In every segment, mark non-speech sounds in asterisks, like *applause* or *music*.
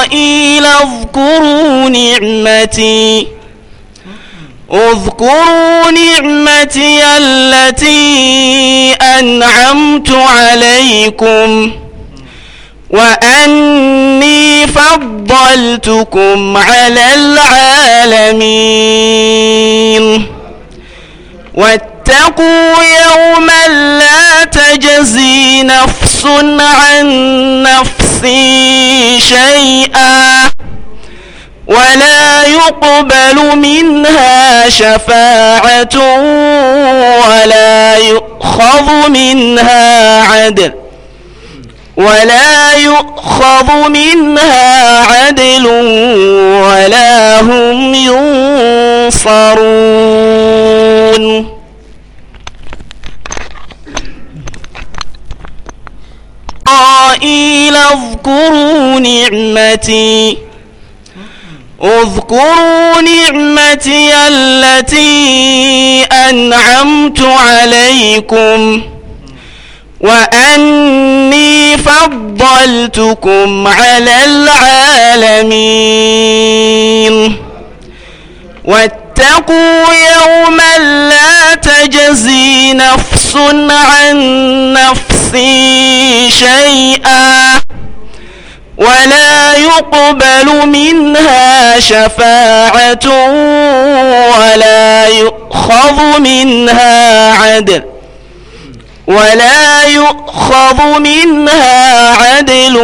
إسرائيل اذكروا نعمتي اذكروا نعمتي التي أنعمت عليكم وأني فضلتكم على العالمين واتقوا يوما لا تجزي نفس عن نفس شيئا ولا يقبل منها شفاعة ولا يؤخذ منها عدل ولا يؤخذ منها عدل ولا هم ينصرون إسرائيل اذكروا نعمتي اذكروا نعمتي التي أنعمت عليكم وأني فضلتكم على العالمين واتقوا يوما لا تجزي نفس عن نفس نفس شيئا ولا يقبل منها شفاعة ولا يؤخذ منها عدل ولا يؤخذ منها عدل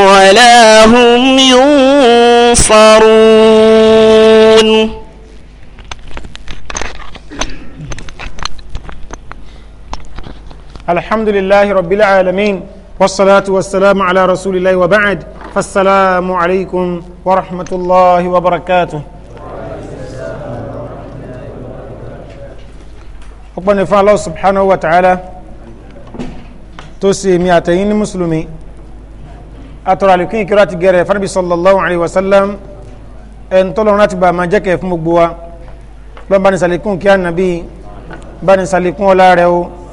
ولا هم ينصرون الحمد لله رب العالمين والصلاة والسلام على رسول الله وبعد فالسلام عليكم ورحمة الله وبركاته أقبل نفع الله سبحانه وتعالى توسي مئتين مسلمي أترى لكي كرات جري فنبي صلى الله عليه وسلم أن طلعوا نتبع ما جاك في مقبوة لما نسالكم كيان نبي بني سالكم ولا رأوا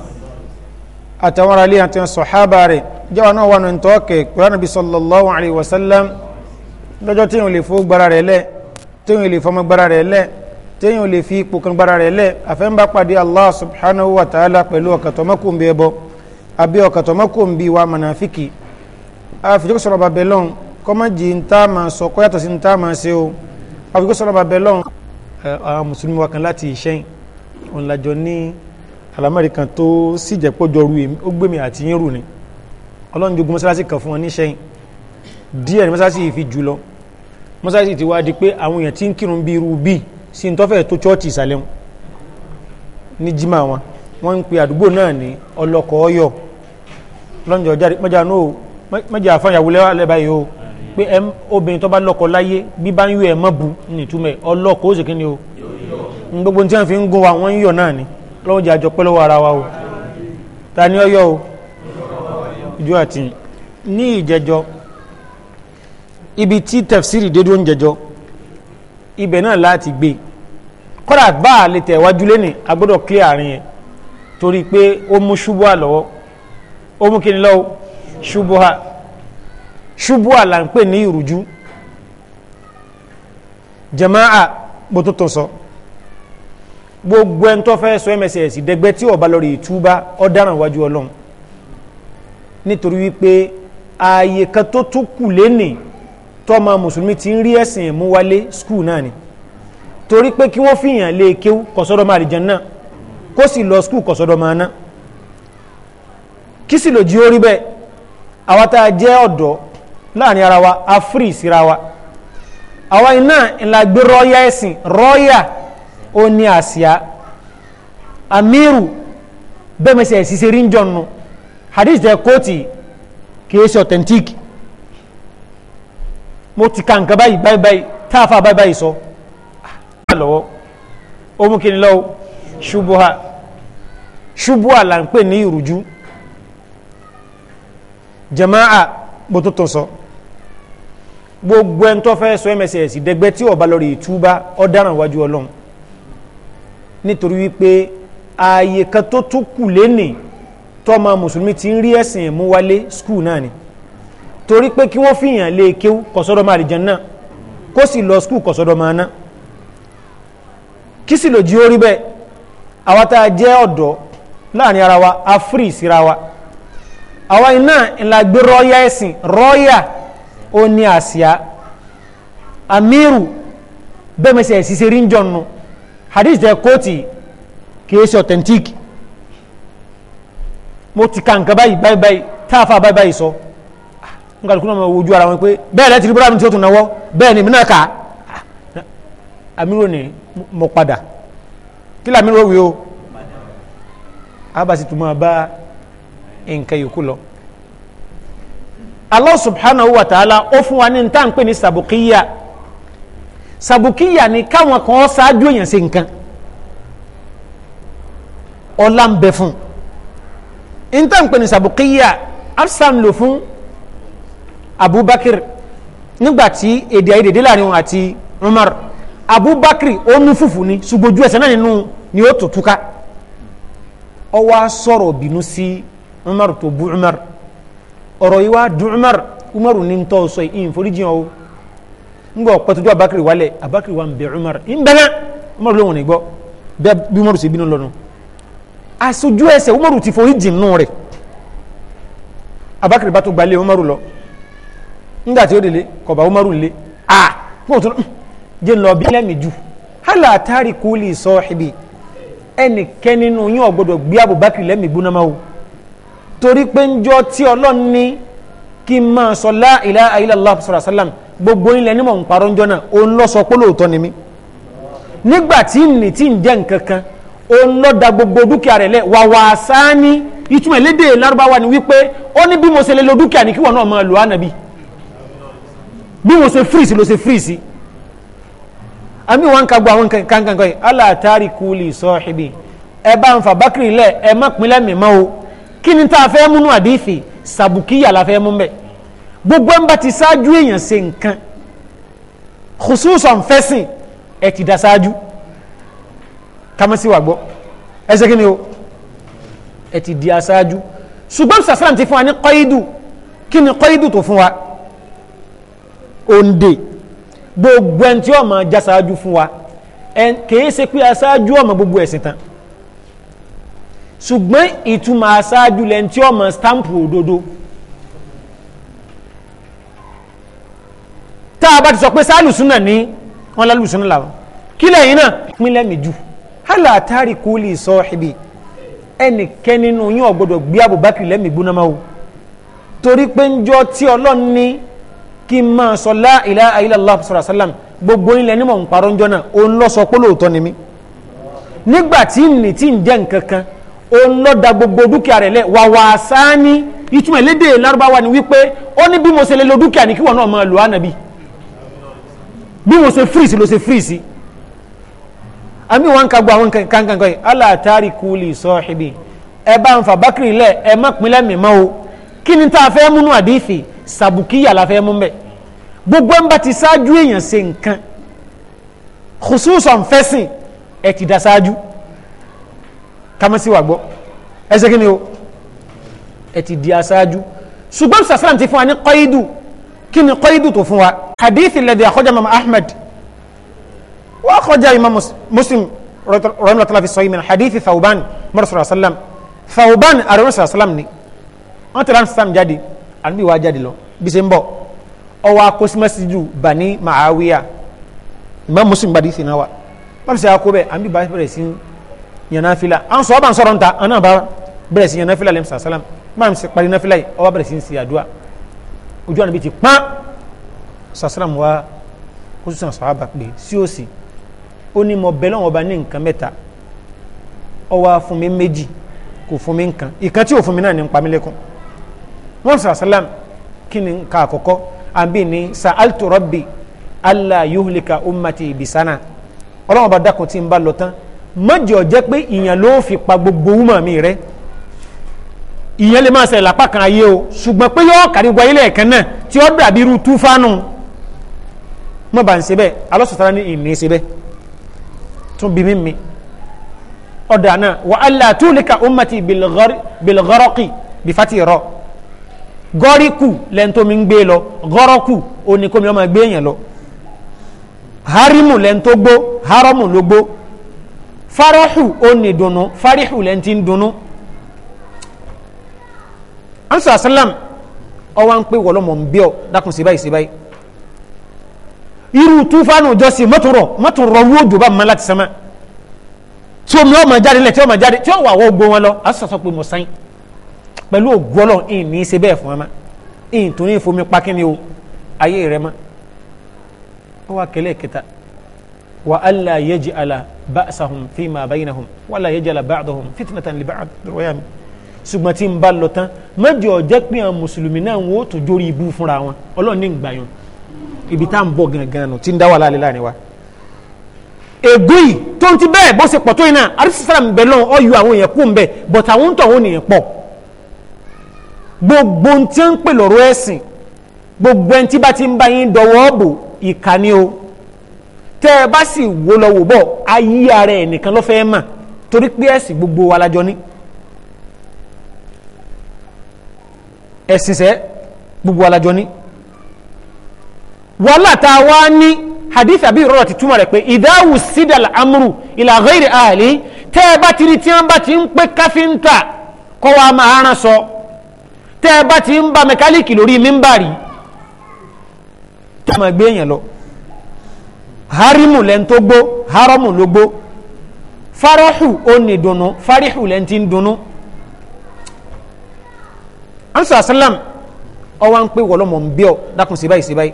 àtàwọn ará ilé àti sọ̀hábà rẹ̀ jẹ́wọ́n náà wà nù tọ́ọ̀kẹ̀ pẹ̀lú ànábì sallallahu alayhi wa sallam lọ́jọ́ tí yóò lè fó gbára rẹ̀ lẹ̀ tí yóò lè fọmọ gbára rẹ̀ lẹ̀ tí yóò lè fi ipò kan gbára rẹ̀ lẹ̀ àfẹ́ǹbá pàdé Allah subhanahu wa ta'ala pẹ̀lú ọ̀kàtọ̀mọ́kùnbí ẹbọ alamẹ́rì kan tó sì jẹ́ pọ́jọ ru èmi ó gbèmí àti yín rù ni ọlọ́run jogun mọ́sálásí kan fún wọn níṣẹ́yìn díẹ̀ ni mọ́sálásí yìí fi jù lọ mọ́sálásí ti wá di pé àwọn èèyàn tí ń kírun bí irú bíi sí ń tọ́fẹ̀ tó chọ́ọ̀tì ìsàlẹ̀ wọn ní jimá wọn wọ́n ń pe àdúgbò náà ní ọlọ́kọ̀ ọyọ̀ lọ́njọ́ jáde mọ́jà náà mọ́jà àfáyàwó lẹ́wàlẹ́ báyìí o pé obìnrin tó bá lọ́kọ láyé bí bá ń yọ ẹ̀ mọ́ bu nìtúmẹ̀ ọlọ́kọ̀ ó sì kí ni o gbogbo tí wọ́n fi ń gún wa wọ́n ń yọ̀ náà ni. lọ́wọ́ jẹ́ àjọ pẹ́ lọ́wọ́ ara wa o ta ni ọyọ́ o ìjọ àti ní ìjẹjọ ibi tí tafsiri dédú ń jẹjọ ibẹ̀ náà láti gbé kọ́dà bá a lè tẹ̀wájú lẹ́nì a gbọ́dọ̀ clear àárín yẹn torí pé ó mú ṣubú àlọ́wọ́ ó mú kí ni lọ́wọ́ ṣubú ha ṣubú àlà ń pè ní ìrújú jama'a bó tó tó sọ. So gbogbo ẹni tó fẹ́ sọ mss dẹgbẹ́ tí ọba lórí ìtúbá ọ̀daràn wájú ọlọ́run nítorí wípé ààyè kan tó tún kù léni tọ́mọ mùsùlùmí ti ń rí ẹ̀sìn mú wálé skul náà ni torí pé kí wọ́n fìyàn lé e kéwú kọ̀sọ́dọ̀ máa àlìjàn náà kó sì lọ skul kọ̀sọ́dọ̀ máa ná kí sì lòdì orí bẹ́ẹ̀ àwa tá a jẹ́ ọ̀dọ́ láàrin ara wa a fírì síra wa àwa iná ńlá gbé rọ́yà ẹ̀sìn rọ́yà ó ní àsíá amíru bẹ́mẹsẹ̀ ṣiṣẹ́ ríńjọ nù hadith jẹ́ kóòtì kìí ṣe authentic mo ti ka nǹkan báyìí báyìí báyìí táàfà báyìí báyìí sọ ah, lọ́wọ́ ó mú kí ni lọ́wọ́ ṣubuha ṣubuha là ń pè ní ìrújú jama'a bó tó tó sọ gbogbo ẹni tó fẹ́ sọ mss dẹgbẹ́ tí ọba lórí ìtúbá ọ̀daràn wájú ọlọ́run nítorí wípé ààyè kan tó tún kù lénì tọ́mọ mùsùlùmí ti ń rí ẹ̀sìn mú wálé skul náà ni torí pé kí wọ́n fìyàn lé kéwú kọ̀sọ́dọ̀ máa àlìjàn náà kó sì lọ skul kọ̀sọ́dọ̀ máa ná kí sì lòdì orí bẹ́ẹ̀ àwa tá a jẹ́ ọ̀dọ́ láàrin ara wa a fírì síra wa àwa iná ńlá gbé rọ́yà ẹ̀sìn rọ́yà ó ní àsíá amíru bẹ́ẹ̀ mẹ́sẹ̀ ẹ̀sìn ṣe rí ń jọ̀nù. No hadith tẹ kóòtì kìí ṣe authentic mo ti ka nǹkan báyìí báyìí báyìí táàfà báyìí báyìí sọ n kàlùkù náà wojú ara wọn pé bẹ́ẹ̀ lẹ́tì rí bọ́lámi tí ó tún náwọ́ bẹ́ẹ̀ ni mínà ká amírò ni mo padà kí làmírò wí o abasi tún máa bá nǹkan yòókù lọ Allah subhanahu wa ta'ala ó fún wa ní ntàǹpé ní sàbùkíyà sàbùkíyà ni káwọn kan ṣáájú èèyàn ṣe nǹkan ọlá ń bẹ fún un níta ń pè ní sàbùkíyà absalom lò fún abubakar nígbàtí èdè àìyedè dé láàrin wọn àti umar abubakar ó nu fùfù ni ṣùgbọ́n ojú ẹsẹ̀ náà nínú ni ó tó túká ó sọ̀rọ̀ bínú sí umar tó bú umar ọ̀rọ̀ yìí wá dùn umar umar ní ń tọ́ sọ yìí ìforíjì ọ̀ ńgbọ́ pẹ̀tọ́jú abakiri wale abakiri wa ń bẹ umar ń umar ló wọn ní gbọ́ bẹ́ẹ̀ umar sì bínú lọ́nu aṣojú ẹsẹ̀ umar ti forí hijin nù rẹ̀ abakiri bá tó umar lọ ńgbà ti odile délé kọba umar a kó gbi kí n máa sọ la ilaha illallah sọ̀rọ̀ sálàm gbogbo ilẹ̀ ní mọ̀ ń parọ́ njọ́ náà òun lọ sọ pé lóòótọ́ ni mí nígbà tí nì tí ń jẹ́ nǹkan kan òun lọ da gbogbo dúkìá rẹ̀ lẹ̀ wà wà sáání ìtumọ̀ ìlédè lárúbáwá ni wípé ó ní bí mo ṣe lè lo dúkìá ní kí wọn náà máa lò ánàbí bí mo ṣe fírìsì ló ṣe fírìsì àmì wọn ka gbọ́ àwọn kankan kan yìí aláàtárì kúlì sọ́ọ̀hìbì ẹ bá ń fa bákìrì lẹ̀ ẹ má pinlẹ̀ mìíràn o kí ni tá a fẹ́ múnú àdéhìfẹ́ sàbùkíyà la fẹ́ mú bẹ́ẹ̀ gbogbo ń bá ti ṣáájú èèyàn ṣe nǹkan khususan fẹ́sìn ẹ̀ ti dá ṣáájú kamasi wà gbọ́ ẹ ṣe kí ni o ẹ ti di aṣáájú ṣùgbọ́n sàṣàràn ti fún wa ní kọ́ídù kí ni kọ́ídù tó fún wa òǹdè gbogbo ẹni tí ó máa já ṣáájú fún wa kèé ṣe pé aṣáájú ó máa gbogbo ẹ̀sìn tán ṣùgbọ́n ìtumọ̀ aṣáájú lẹ́ni tí ọmọ stampu òdodo tá a bá ti sọ pé sálùsúnà ní wọn lálùsúnà làwọn kí lẹ́yìn náà pínlẹ̀ mi jù hálà tari kú lè sọ ibi ẹnìkẹ́ nínú yín ò gbọ́dọ̀ gbé Abubakar lẹ́mí gbóná máa wò torí pé ń jọ tí ọlọ́run ní kí n máa sọ la ilaha sọ̀rọ̀ sálàm gbogbo ilẹ̀ ní ń parọ́ ń jọ náà òun lọ sọ pé lóòótọ́ ni mí nígbà tí nì tí ń jẹ́ nǹkan kan òun da gbogbo dúkìá rẹ̀ lẹ̀ wà wà sáání ìtumọ̀ ìlédè lárúbáwá ni wípé ó ní bí mo ṣe lè lo dúkìá ní kíwọ̀n náà máa lò ánàbí bí mo ṣe fírìsì ló ṣe fírìsì àmì wọn ka gbọ́ àwọn kankan kan aláàtárì kúlì sọ́ọ̀hìbì ẹ bá ń fa bákìrì lẹ̀ ẹ má pinlẹ̀ mìíràn o kí ni tá a fẹ́ múnú àdéhìfì sàbùkíyà la fẹ́ mú bẹ́ẹ̀ gbogbo ń bá ti ṣáájú èèyàn ṣe nǹkan khususan fẹ́sìn ẹ ti da ṣáájú kamasi wà gbọ́ ẹsẹ̀ kí ni o ẹ ti di aṣáájú ṣùgbọ́n sàṣàràn ti fún wa ní kọ́ídù kí ni kọ́ídù tó fún wa hadith lẹ́dí àkọ́jà mama ahmed wọ́n àkọ́jà imam muslim rọ́nà tàlàfi sọ ìmìnà hadith thauban mọ́rọ̀sọ̀rọ̀ sàlám thauban àrẹ́rọ̀ sàlám ni wọ́n tẹ̀lé sàlám jáde àníbi wàá jáde lọ bí ṣe ń bọ̀ ọwọ́ akọ́símẹ́sì ju bani maawiya imam muslim gbadí sí wa wọ́n ti sẹ́ akọ́ bẹ́ẹ̀ àníbi bá bẹ̀rẹ̀ sí ń yanáfílà àwọn sọ̀rọ̀ bá ń sọ̀rọ̀ ń ta àwọn náà bá bẹ̀rẹ̀ sí yanáfílà lẹ́mùsà sálám máa ń parí yanáfílà yìí ọba bẹ̀rẹ̀ sí ń ṣe àdúrà ojú àná bíi ti pán sàsálàm wa kó sì sàn sàhábà pé sí òsì ó ní mo bẹ lọ́wọ́ ọba ní nǹkan mẹ́ta ó wá fún mi méjì kò fún mi nǹkan ìkan tí ò fún mi náà ní ń pa mí lẹ́kùn wọ́n sàsálàm kí ni nǹkan àkọ́kọ́ àbí ni sa'altu rabbi alla yuhlika umati bisana ọlọ́wọ́n ọba dákun tí ń bá lọ tán mọ́jọ jẹ́ pé ìyàn ló fi pa gbogbo wúmọ̀ mi rẹ ìyẹn lè máa ṣẹlẹ̀ lápá kan ayé o ṣùgbọ́n pé yọ́ kárí gba ilé ẹ̀kan náà tí ó dàbí irú túfánù mọ́ bá ń ṣe bẹ́ẹ̀ alọ́sọ̀tara ní ìní ṣe bẹ́ẹ̀ tún bí mímí ọ̀dà náà wà á là túlìkà ummati bilgọ́rọ́kì bifati rọ gọ́ríkù lẹ́ntómi ń gbé lọ gọ́rọ́kù oníkómi ọmọ gbé yẹn lọ harimu lẹ́ntógbó haramu ló gbó farahu ó ní dunu farihu lẹ́ni tí dunu ansa salam ọwọ́ ń pè wọlọ́mọ̀ ń bíọ́ dákun sí báyìí sí báyìí irú túfánù jọ́sìn mọ́tòrọ̀ mọ́tòrọ̀ wó jù bá mọ́ láti sẹ́mẹ́ tí omi ọmọ jáde lẹ̀ tí ọmọ jáde tí ọwọ́ àwọ̀ gbó wọn lọ asọ̀sọ̀ pé mo sáyìn pẹ̀lú ògbọ́lọ̀ ìyìn ní í ṣe bẹ́ẹ̀ fún ọmọ ìyìn tó ní ìfomi pa kí ni o ayé rẹ mọ́ ó wá kẹlẹ́ kẹta وألا يجعل بأسهم فيما بينهم ولا يجعل بعضهم فتنة لبعض رواية ṣùgbọ́n tí ń bá lọ tán mẹ́jọ jẹ́ pé àwọn mùsùlùmí náà wọ́n tó jórí ibú ibi tá à ń gangan tí ń dá wà láàlẹ́ láàrin wa. ègún yìí tó ń ti bẹ́ẹ̀ bó ṣe pọ̀ tó yìí náà àrísí sára ń bẹ̀ lọ́n ọ̀yọ́ àwọn èèyàn kú ń bẹ̀ but àwọn ń tọ̀ wọ́n nìyẹn pọ̀. gbogbo ohun tí ń pè lọ́rọ̀ ẹ̀sìn gbogbo ẹni tí bá ti ń bá yín dọ̀wọ́ bò ìkànnì o tẹ́ ẹ bá sì wo lọ wò bọ̀ ayé ara ẹ̀ nìkan ló fẹ́ mà torí pé ẹ̀sìn gbogbo wa lájọ ní ẹ̀sìn sẹ́ gbogbo wa lájọ ní wàhálà tá a wá ní hadith àbí ìrọ̀rọ̀ ti túmọ̀ rẹ̀ pé ìdáhùn sídàlà amúrù ìlà ghairi ahli tẹ́ ẹ bá ti rí tí wọ́n bá ti ń pé káfíńtà kọ́ wa máa rán sọ tẹ́ ẹ bá ti ń ba mẹkáníìkì lórí mímbàrí tẹ́ ẹ máa gbé èèyàn lọ harimu lẹ́ni tó gbó haramu ló gbó farahu ó dunu farihu lẹ́ni tí ń dunu ansa asalam ọwọ́ ń pè wọlọ́mọ̀ ń bí ọ dákun sí báyìí sí báyìí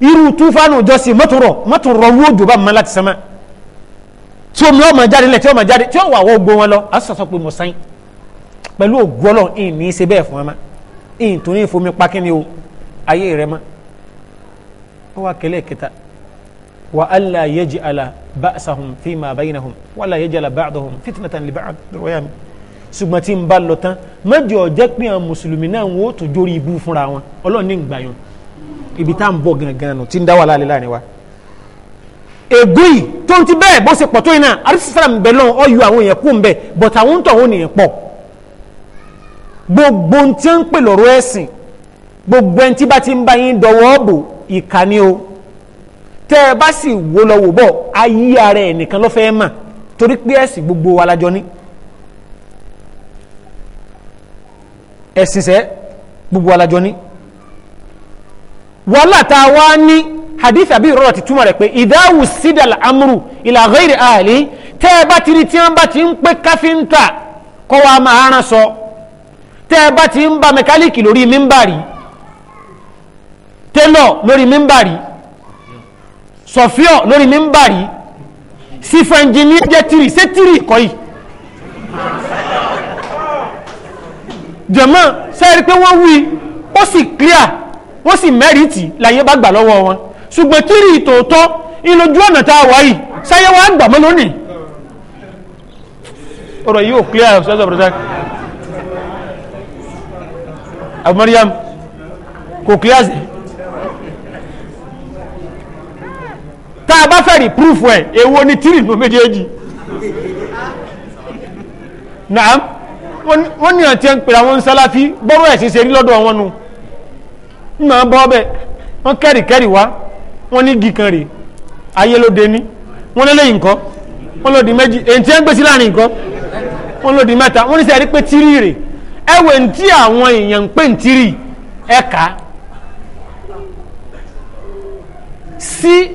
irú túfánù jọ́sí mọ́tòrọ̀ mọ́tòrọ̀ wó jùbá mọ́ láti sẹ́mẹ́ tí omi ọmọ jáde lẹ̀ tí ọmọ jáde tí ó wà wọ́ gbó wọn lọ a sọ̀sọ̀ pé mo sáyìn pẹ̀lú ògbọ́lọ̀ ìní ṣe fún ọmọ ìyìn tó ìfomi pákínni o ayé rẹ mọ́ wa kele kita wa alla yaj'ala ba'sahum fi ma bainahum wa la yaj'ala ba'dahum fitnatan li ba'd ruwayami ṣùgbọ́n tí n bá lọ tán mẹ́jọ jẹ́ pé àwọn mùsùlùmí náà wọ́n tún jórí ibú fúnra wọn ọlọ́run ní ìgbàyàn ibi tá à ń bọ̀ gangan nù tí ń dá wà láàrin láàrin wa. ègún yìí tó ń ti bẹ́ẹ̀ bó ṣe pọ̀ tó yìí náà arísísára ń bẹ lọ́wọ́ ọyọ àwọn èèyàn kú ń bẹ bọ̀tà àwọn tó àwọn èèyàn pọ̀. gbogbo ohun tí ń pè lọ́rọ̀ ẹ̀sìn gbogbo ẹni tí bá ti ń bá yín dọ̀wọ́ bò ìkànnì o tẹ́ ẹ bá sì wo lọ wò bọ̀ ayé ara ẹ̀ nìkan ló fẹ́ mà torí pé ẹ̀sìn gbogbo wa lájọ ní ẹ̀sìn sẹ́ gbogbo wa lájọ ní wàhálà tá a wá ní hadith àbí ìrọ̀rọ̀ ti túmọ̀ rẹ̀ pé ìdáhùn sídàl amúrù ìlà ghairi ahli tẹ́ ẹ bá ti rí tí wọ́n bá ti ń pé káfíńtà kọ́ wa máa rán sọ tẹ́ ẹ bá ti ń ba mẹkáníìkì lórí mímbàrí télọ̀ lórí mímbàrí sọ̀fíọ̀ lórí mímbàrí sífẹ́ ẹnjìníà jẹ́ tìrì ṣé tìrì kọ́ yìí jẹ̀mọ́ sẹ́ẹ̀rí pé wọ́n wí ó sì clear wọ́n sì mẹ́rìtì láyé bá gbà lọ́wọ́ wọn ṣùgbọ́n tìrì tòótọ́ ìlójú ọ̀nà tá a wà yìí sáyé wa gbà mọ́ lónìí clear ṣẹ́sọ̀ bọ̀dọ̀ Abu Mariam kò clear Ta a bá fẹ́ rí púrúfù ẹ̀ èwo ni tírì nù méjèèjì naam wọ́n ní àti ẹ̀ ń pèrè àwọn sálàfí bọ́rọ̀ ẹ̀sìn ṣe rí lọ́dọ̀ wọn nu náà bọ́ bẹ́ẹ̀ wọ́n kẹ́rì kẹ́rì wá wọ́n ní igi kan rè ayé ló dé ní wọ́n lélẹ́yìn nǹkan wọ́n lòdì méjì èyí tí ẹ̀ ń gbèsè láàrin nǹkan wọ́n lòdì mẹ́ta wọ́n ní sẹ́rí pé tírì rè ẹ̀wẹ̀ ń tí àwọn èèyàn ń pè ń tírì ẹ̀ka sí. Si,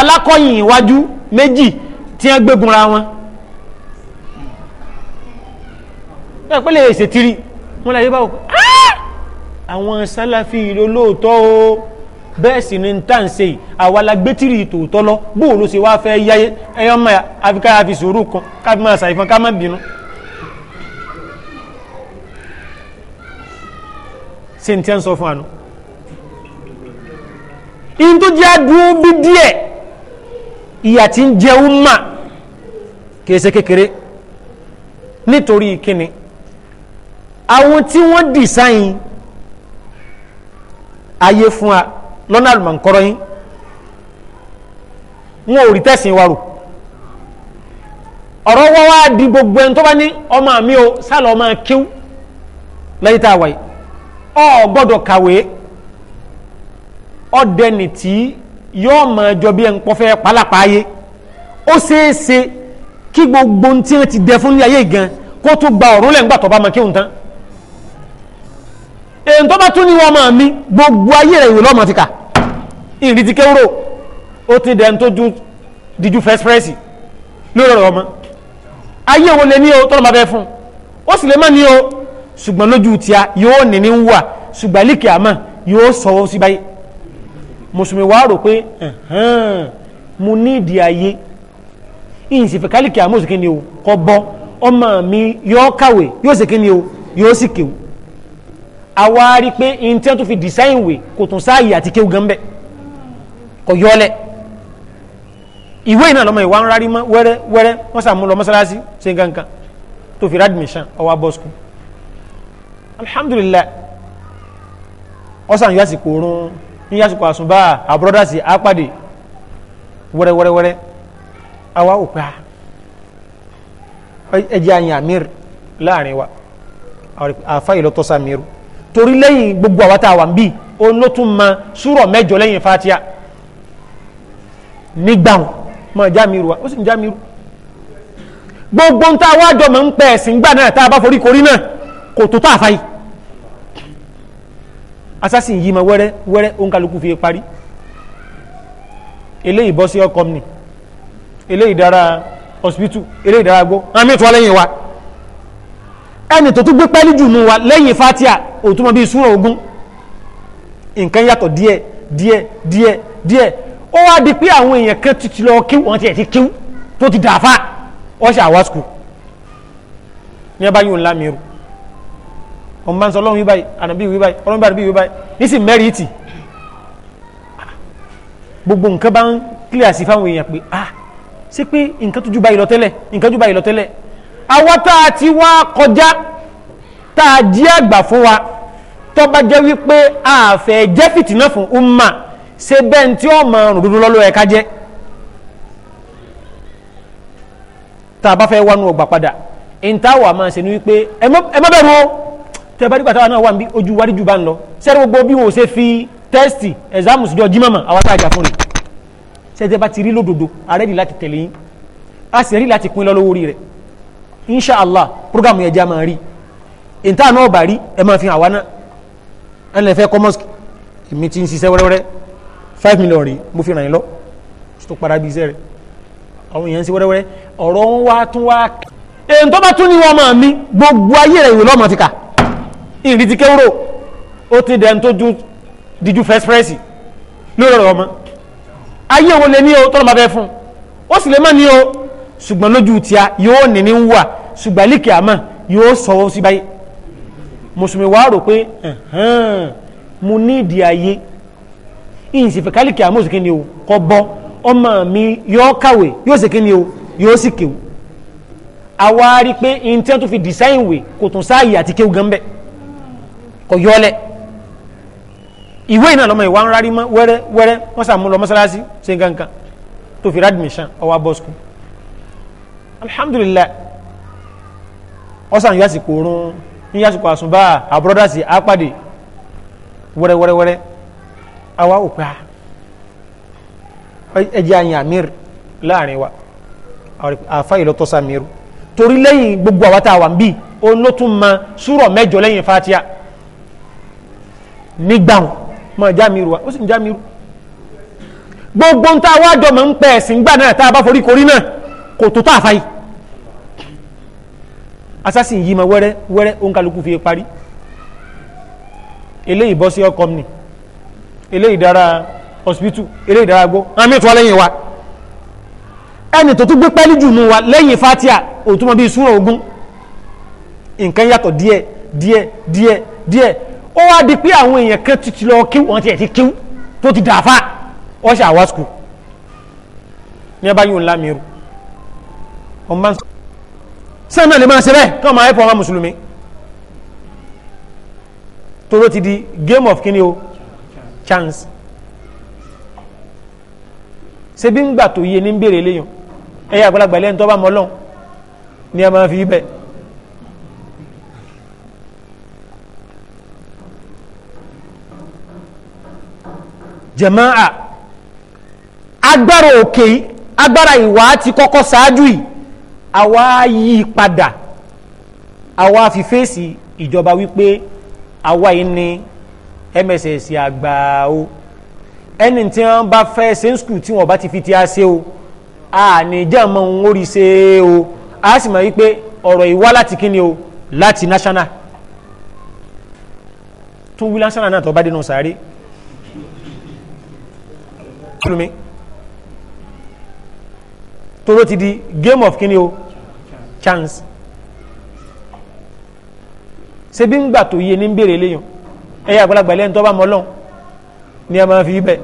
alákọ̀yìn iwájú méjì tí wọ́n gbégunra wọn náà pé lè ṣe tiri wọ́n láyé báwo ah! àwọn sálàfí ìrólóòtọ́ o bẹ́ẹ̀ sì ni tá ń ṣe àwa la gbé tìrì tòótọ́ lọ bóò ló ṣe wá fẹ́ yáyé ẹyọ́ máa àfikáyà fi sòrò kan káfí máa ṣàìfọ́n ká má bínú. ṣe ń tẹ́ ń sọ fún àná. ihun tó jẹ́ àdúró bí díẹ̀ ìyà tí ń jẹ umma kèsè kékeré nítorí kíni àwọn tí wọ́n dìsáyìn ayé fún wa lọ́nà àlùmọ̀ǹkọ́rọ́ yín wọn ò rí tẹ̀sìn wa rò ọ̀rọ̀ wọ́n wá di gbogbo ẹni tó bá ní ọmọ mi o sálọ ọmọ kíw lẹ́yìn tá a wáyé ọ gbọ́dọ̀ kàwé ọdẹni tí yóò mọ ẹjọ́ bí ẹn pọ́fẹ́ pálápáyé ó ṣeéṣe kí gbogbo ohun tí wọ́n ti dẹ fún ní ayé gan kó tó gba ọ̀run lẹ́ǹgbà tó bá mọ kí òun tán èyí tó bá tún ní wọn mọ̀ mí gbogbo ayé rẹ̀ ìwé lọ́mọ ti kà ìrì ti kéwúrò ó ti dẹ̀ ń tó ju díjú fẹ́sipẹ́sì lórí ọ̀rọ̀ ọmọ ayé wo lè ní o tọ́lọ́ bá fẹ́ fún ó sì lè má ní o ṣùgbọ́n lójú tíya yóò ní ní wà ṣùgbọ́n líkì àmọ́ yóò sọ ó sí báyìí mùsùlùmí wàá rò pé mo ní ìdí ayé ìyìn sì fẹ́ kálíkì àmọ́ òsì kíni o kọ́ bọ́ ọmọ mi yóò kàwé yóò sì kíni o yóò sì kéwù àwa rí pé ìntẹ́ tó fi design wè kò tún sáàyè àti kéwù gan bẹ́ẹ̀ kò yọlẹ̀ ìwé ìnáà lọ́mọ ìwà ń rárí mọ́ wẹ́rẹ́ wẹ́rẹ́ wọ́n sàmú lọ mọ́sálásí ṣe nǹkan kan tó fi radmission ọwọ́ bọ́ school alhamdulilayi ọ̀sán yóò àsìkò oorun ní yásùkò àsùnbà àbúrọ́dàsì àpàdé wẹ́rẹ́wẹ́rẹ́wẹ́rẹ́ àwa ò pé ah, a ẹjẹ́ àyìn amir láàrin wa àfa ìlọ́tọ́ samiru torí lẹ́yìn gbogbo àwa tá a wà ń bí òun ló tún ma súrọ̀ mẹ́jọ lẹ́yìn fatia nígbàhùn máa já mi ru wa ó sì ń já mi ru gbogbo ń tá a wá jọ máa ń pẹ́ ẹ̀sìn gbà náà tá a bá forí korí náà kò tó tá a yìí assassin yìí ma wẹ́rẹ́ wẹ́rẹ́ ó ń kálukú fi parí eléyìí bọ́ sí ọkọ mi eléyìí dára hospital eléyìí dára gbó àwọn mìíràn tó wá lẹ́yìn wa ẹni tó tún gbé pẹ́lú jù nù wa lẹ́yìn fatia òtúmọ̀ bíi súnrọ̀ ogun nǹkan yàtọ̀ díẹ̀ díẹ̀ díẹ̀ díẹ̀ ó wá di pé àwọn èèyàn kan ti lọ kí wọ́n ti ẹ̀ ti kíw tó ti dàáfà ọ̀ṣà wá skul ní ẹ bá yóò ńlá mi òun bá ń sọ ọlọ́run wí báyìí ànàbí wí báyìí ọlọ́run bá ànàbí wí báyìí nísì mẹ́rin tì gbogbo nǹkan bá ń kílẹ̀ àsì fáwọn èèyàn pé ah ṣé pé nǹkan tó ju báyìí lọ tẹ́lẹ̀ nǹkan ju báyìí lọ tẹ́lẹ̀ àwa tá a ti wá kọjá tá a jí àgbà fún wa tó bá jẹ́ wípé àfẹ́ jẹ́ fìtínà fún umma ṣe bẹ́ẹ̀ tí ó máa rùn dúdú lọ́lọ́ ẹ̀ka jẹ́ tá a bá fẹ́ wánú ọgbà padà ìntàwọ̀ àmọ́ ṣe ni wípé ẹ má bẹ̀rù o tẹ́bá nígbà táwa náà wà ní ojú wárí jù bá ń lọ sẹ́rí gbogbo bí wọn ò ṣe fi tẹ́sítì ẹ̀zámù síjọ jímọ̀mọ̀ àwọn àtàjà fún ni sẹ́jẹ́ bá ti rí lódodo ààrẹ ní láti tẹ̀lé yín a sì rí láti pin lọ́wọ́ orí rẹ̀ insha allah yẹn já máa rí ìta náà bá rí ẹ máa fi àwa náà ẹnlẹ fẹ́ kọ́ mọ́sìkì èmi ti ń ṣiṣẹ́ wẹ́rẹ́wẹ́rẹ́ five million rí mo fi ràn yín lọ tó padà bí iṣẹ́ rẹ̀ àwọn èèyàn ń ṣe wẹ́rẹ́wẹ́rẹ́ ọ̀rọ̀ ń wá tún wá. èyí tó bá tún ní wọn máa mi gbogbo ayé rẹ̀ ìwé lọ́mọ ti kà ìrìn ti kéwúrò ó ti dẹ̀ ń tójú díjú fẹ́sipẹ́sì lórí ọ̀rọ̀ ọmọ ayé wo lè ní o tọ́lọ́ máa fẹ́ fún ó sì lè má ní o ṣùgbọ́n lójú tíá yóò ní ní wà ṣùgbọ́n líkì àmọ́ yóò sọ̀wọ́ sí báyìí mùsùlùmí wàá rò pé mo ní ìdí ayé ìyìn sì fẹ́ kálíkì àmọ́ òsèké ni o kọ́ bọ́ ọmọ mi yóò kàwé yóò ṣèké ni o yóò sì kéwù àwa rí pé ìyìn fi dìsáìn wè kò tún sáàyè àti kéwù gan bẹ́ẹ̀ kò iwe na iná lọ́mọ ìwà ń rárí mọ́ wẹ́rẹ́ wẹ́rẹ́ wọ́n sàmú lọ mọ́sálásí ṣe nǹkan tó fi radmission ọwọ́ bọ́ sukù alhamdulilayi ọ̀sán yásìkò oorun yásìkò àsùnbà àbúrọ́dásì àpàdé wẹ́rẹ́ wẹ́rẹ́ wẹ́rẹ́ àwa ò pa ah, ẹjẹ́ àyìn àmìr láàrin wa àfa ìlọ́tọ́sà mìíràn torí lẹ́yìn gbogbo àwa tá a wà ń bì ó ló tún ma súrọ̀ mẹ́jọ lẹ́yìn fatia nígbàun mọ̀ jámiru wa ó sì ń jámiru gbogbo ń tá a wájọ mọ̀ ń pẹ́ ẹ̀sìn gbà náà tá a bá forí korí náà kò tó tó àfáyì assassin yìí mọ wẹ́rẹ́ wẹ́rẹ́ òǹkàlùkù fi parí eléyìí bọ́ sí ọkọ mi eléyìí dára hospital eléyìí dára gbó àmì ìtura lẹ́yìn wa ẹni tó tún gbé pẹ́lú jù nù wa lẹ́yìn fatia òtúmọ̀ bíi súnà ogun. nǹkan yàtọ̀ díẹ̀ díẹ̀ díẹ̀ díẹ̀ ó wá di pé àwọn èèyàn kan ti ti lọ kí wọ́n ti ẹ̀ ti kíw tó ti dàáfà wọ́n ṣe àwa skul ní ẹ bá yóò ńlá mìíràn ọmọ máa ń sọ sẹ́mi lè máa ṣe bẹ́ẹ̀ kí wọ́n máa ẹ̀fọ́ ọmọ mùsùlùmí tóró ti di game of kíni o chance ṣe bí ń gbà tó yẹ ní ń béèrè léyìn ẹ̀yà àgbàlagbà lẹ́yìn tó bá mọ́ lọ́n ni a máa fi bẹ́ẹ̀ jama'a agbára òkè agbára ìwà ti kọ́kọ́ ṣáájú yìí àwa yí padà àwa fi fèsì ìjọba wípé àwa yìí ni mss àgbà o ẹni tí wọ́n bá fẹ́ ṣe ń skul tí wọ́n bá ti fi ti á ṣe o àníjà mọ òun ó rí ṣe o a sì mọ̀ wípé ọ̀rọ̀ ìwá láti kíni o láti national tún wí national náà tó bá dénú sáré mùsùlùmí tóró ti di game of kíni o chance ṣe bí ń gbà tó yé ní ń béèrè léyìn ẹ̀yà àgbàlagbà lẹ́yìn tó bá mọ́ lọ́n ni a máa fi bẹ́ẹ̀.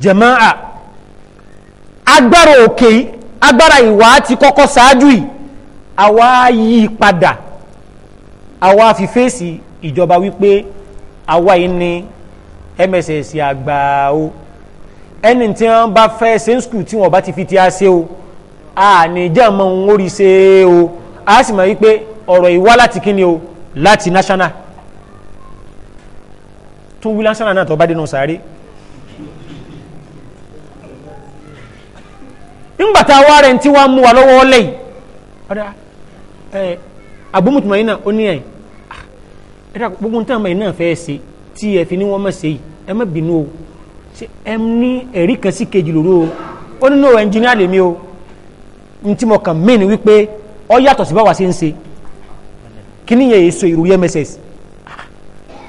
jẹ̀máà agbára òkè agbára ìwà ti kọ́kọ́ ṣáájú yìí àwa yí padà àwa fi fèsì ìjọba wípé àwa yìí ni mss àgbà o ẹni tí wọn bá fẹ́ ṣe ń skul tí wọn bá ti fi ti á ṣe o àníjà mọ òun ó ṣe o a sì mọ wípé ọ̀rọ̀ ìwá láti kíni o láti national tún wí national náà tó bá dénú sáré ńgbàtà wa rẹ̀ ń tí wàá mú wa lọ́wọ́ lẹ́yìn abúmùtùmọ̀ yìí náà ó ní ẹ̀ ah, ẹ̀rọ gbogbo ń tàn mọ̀ yìí náà fẹ́ ṣe tí ẹ fi ní wọ́n mọ̀ ṣe yìí ẹ má bínú o ṣe ẹ ní ẹ̀rí kan sí kejì lòró o ó nínú ẹnjìníà lèmi o n tí mo kàn mí ni wípé ọ yàtọ̀ sí báwa ṣe ń ṣe kí ni yẹn èso ìrù mss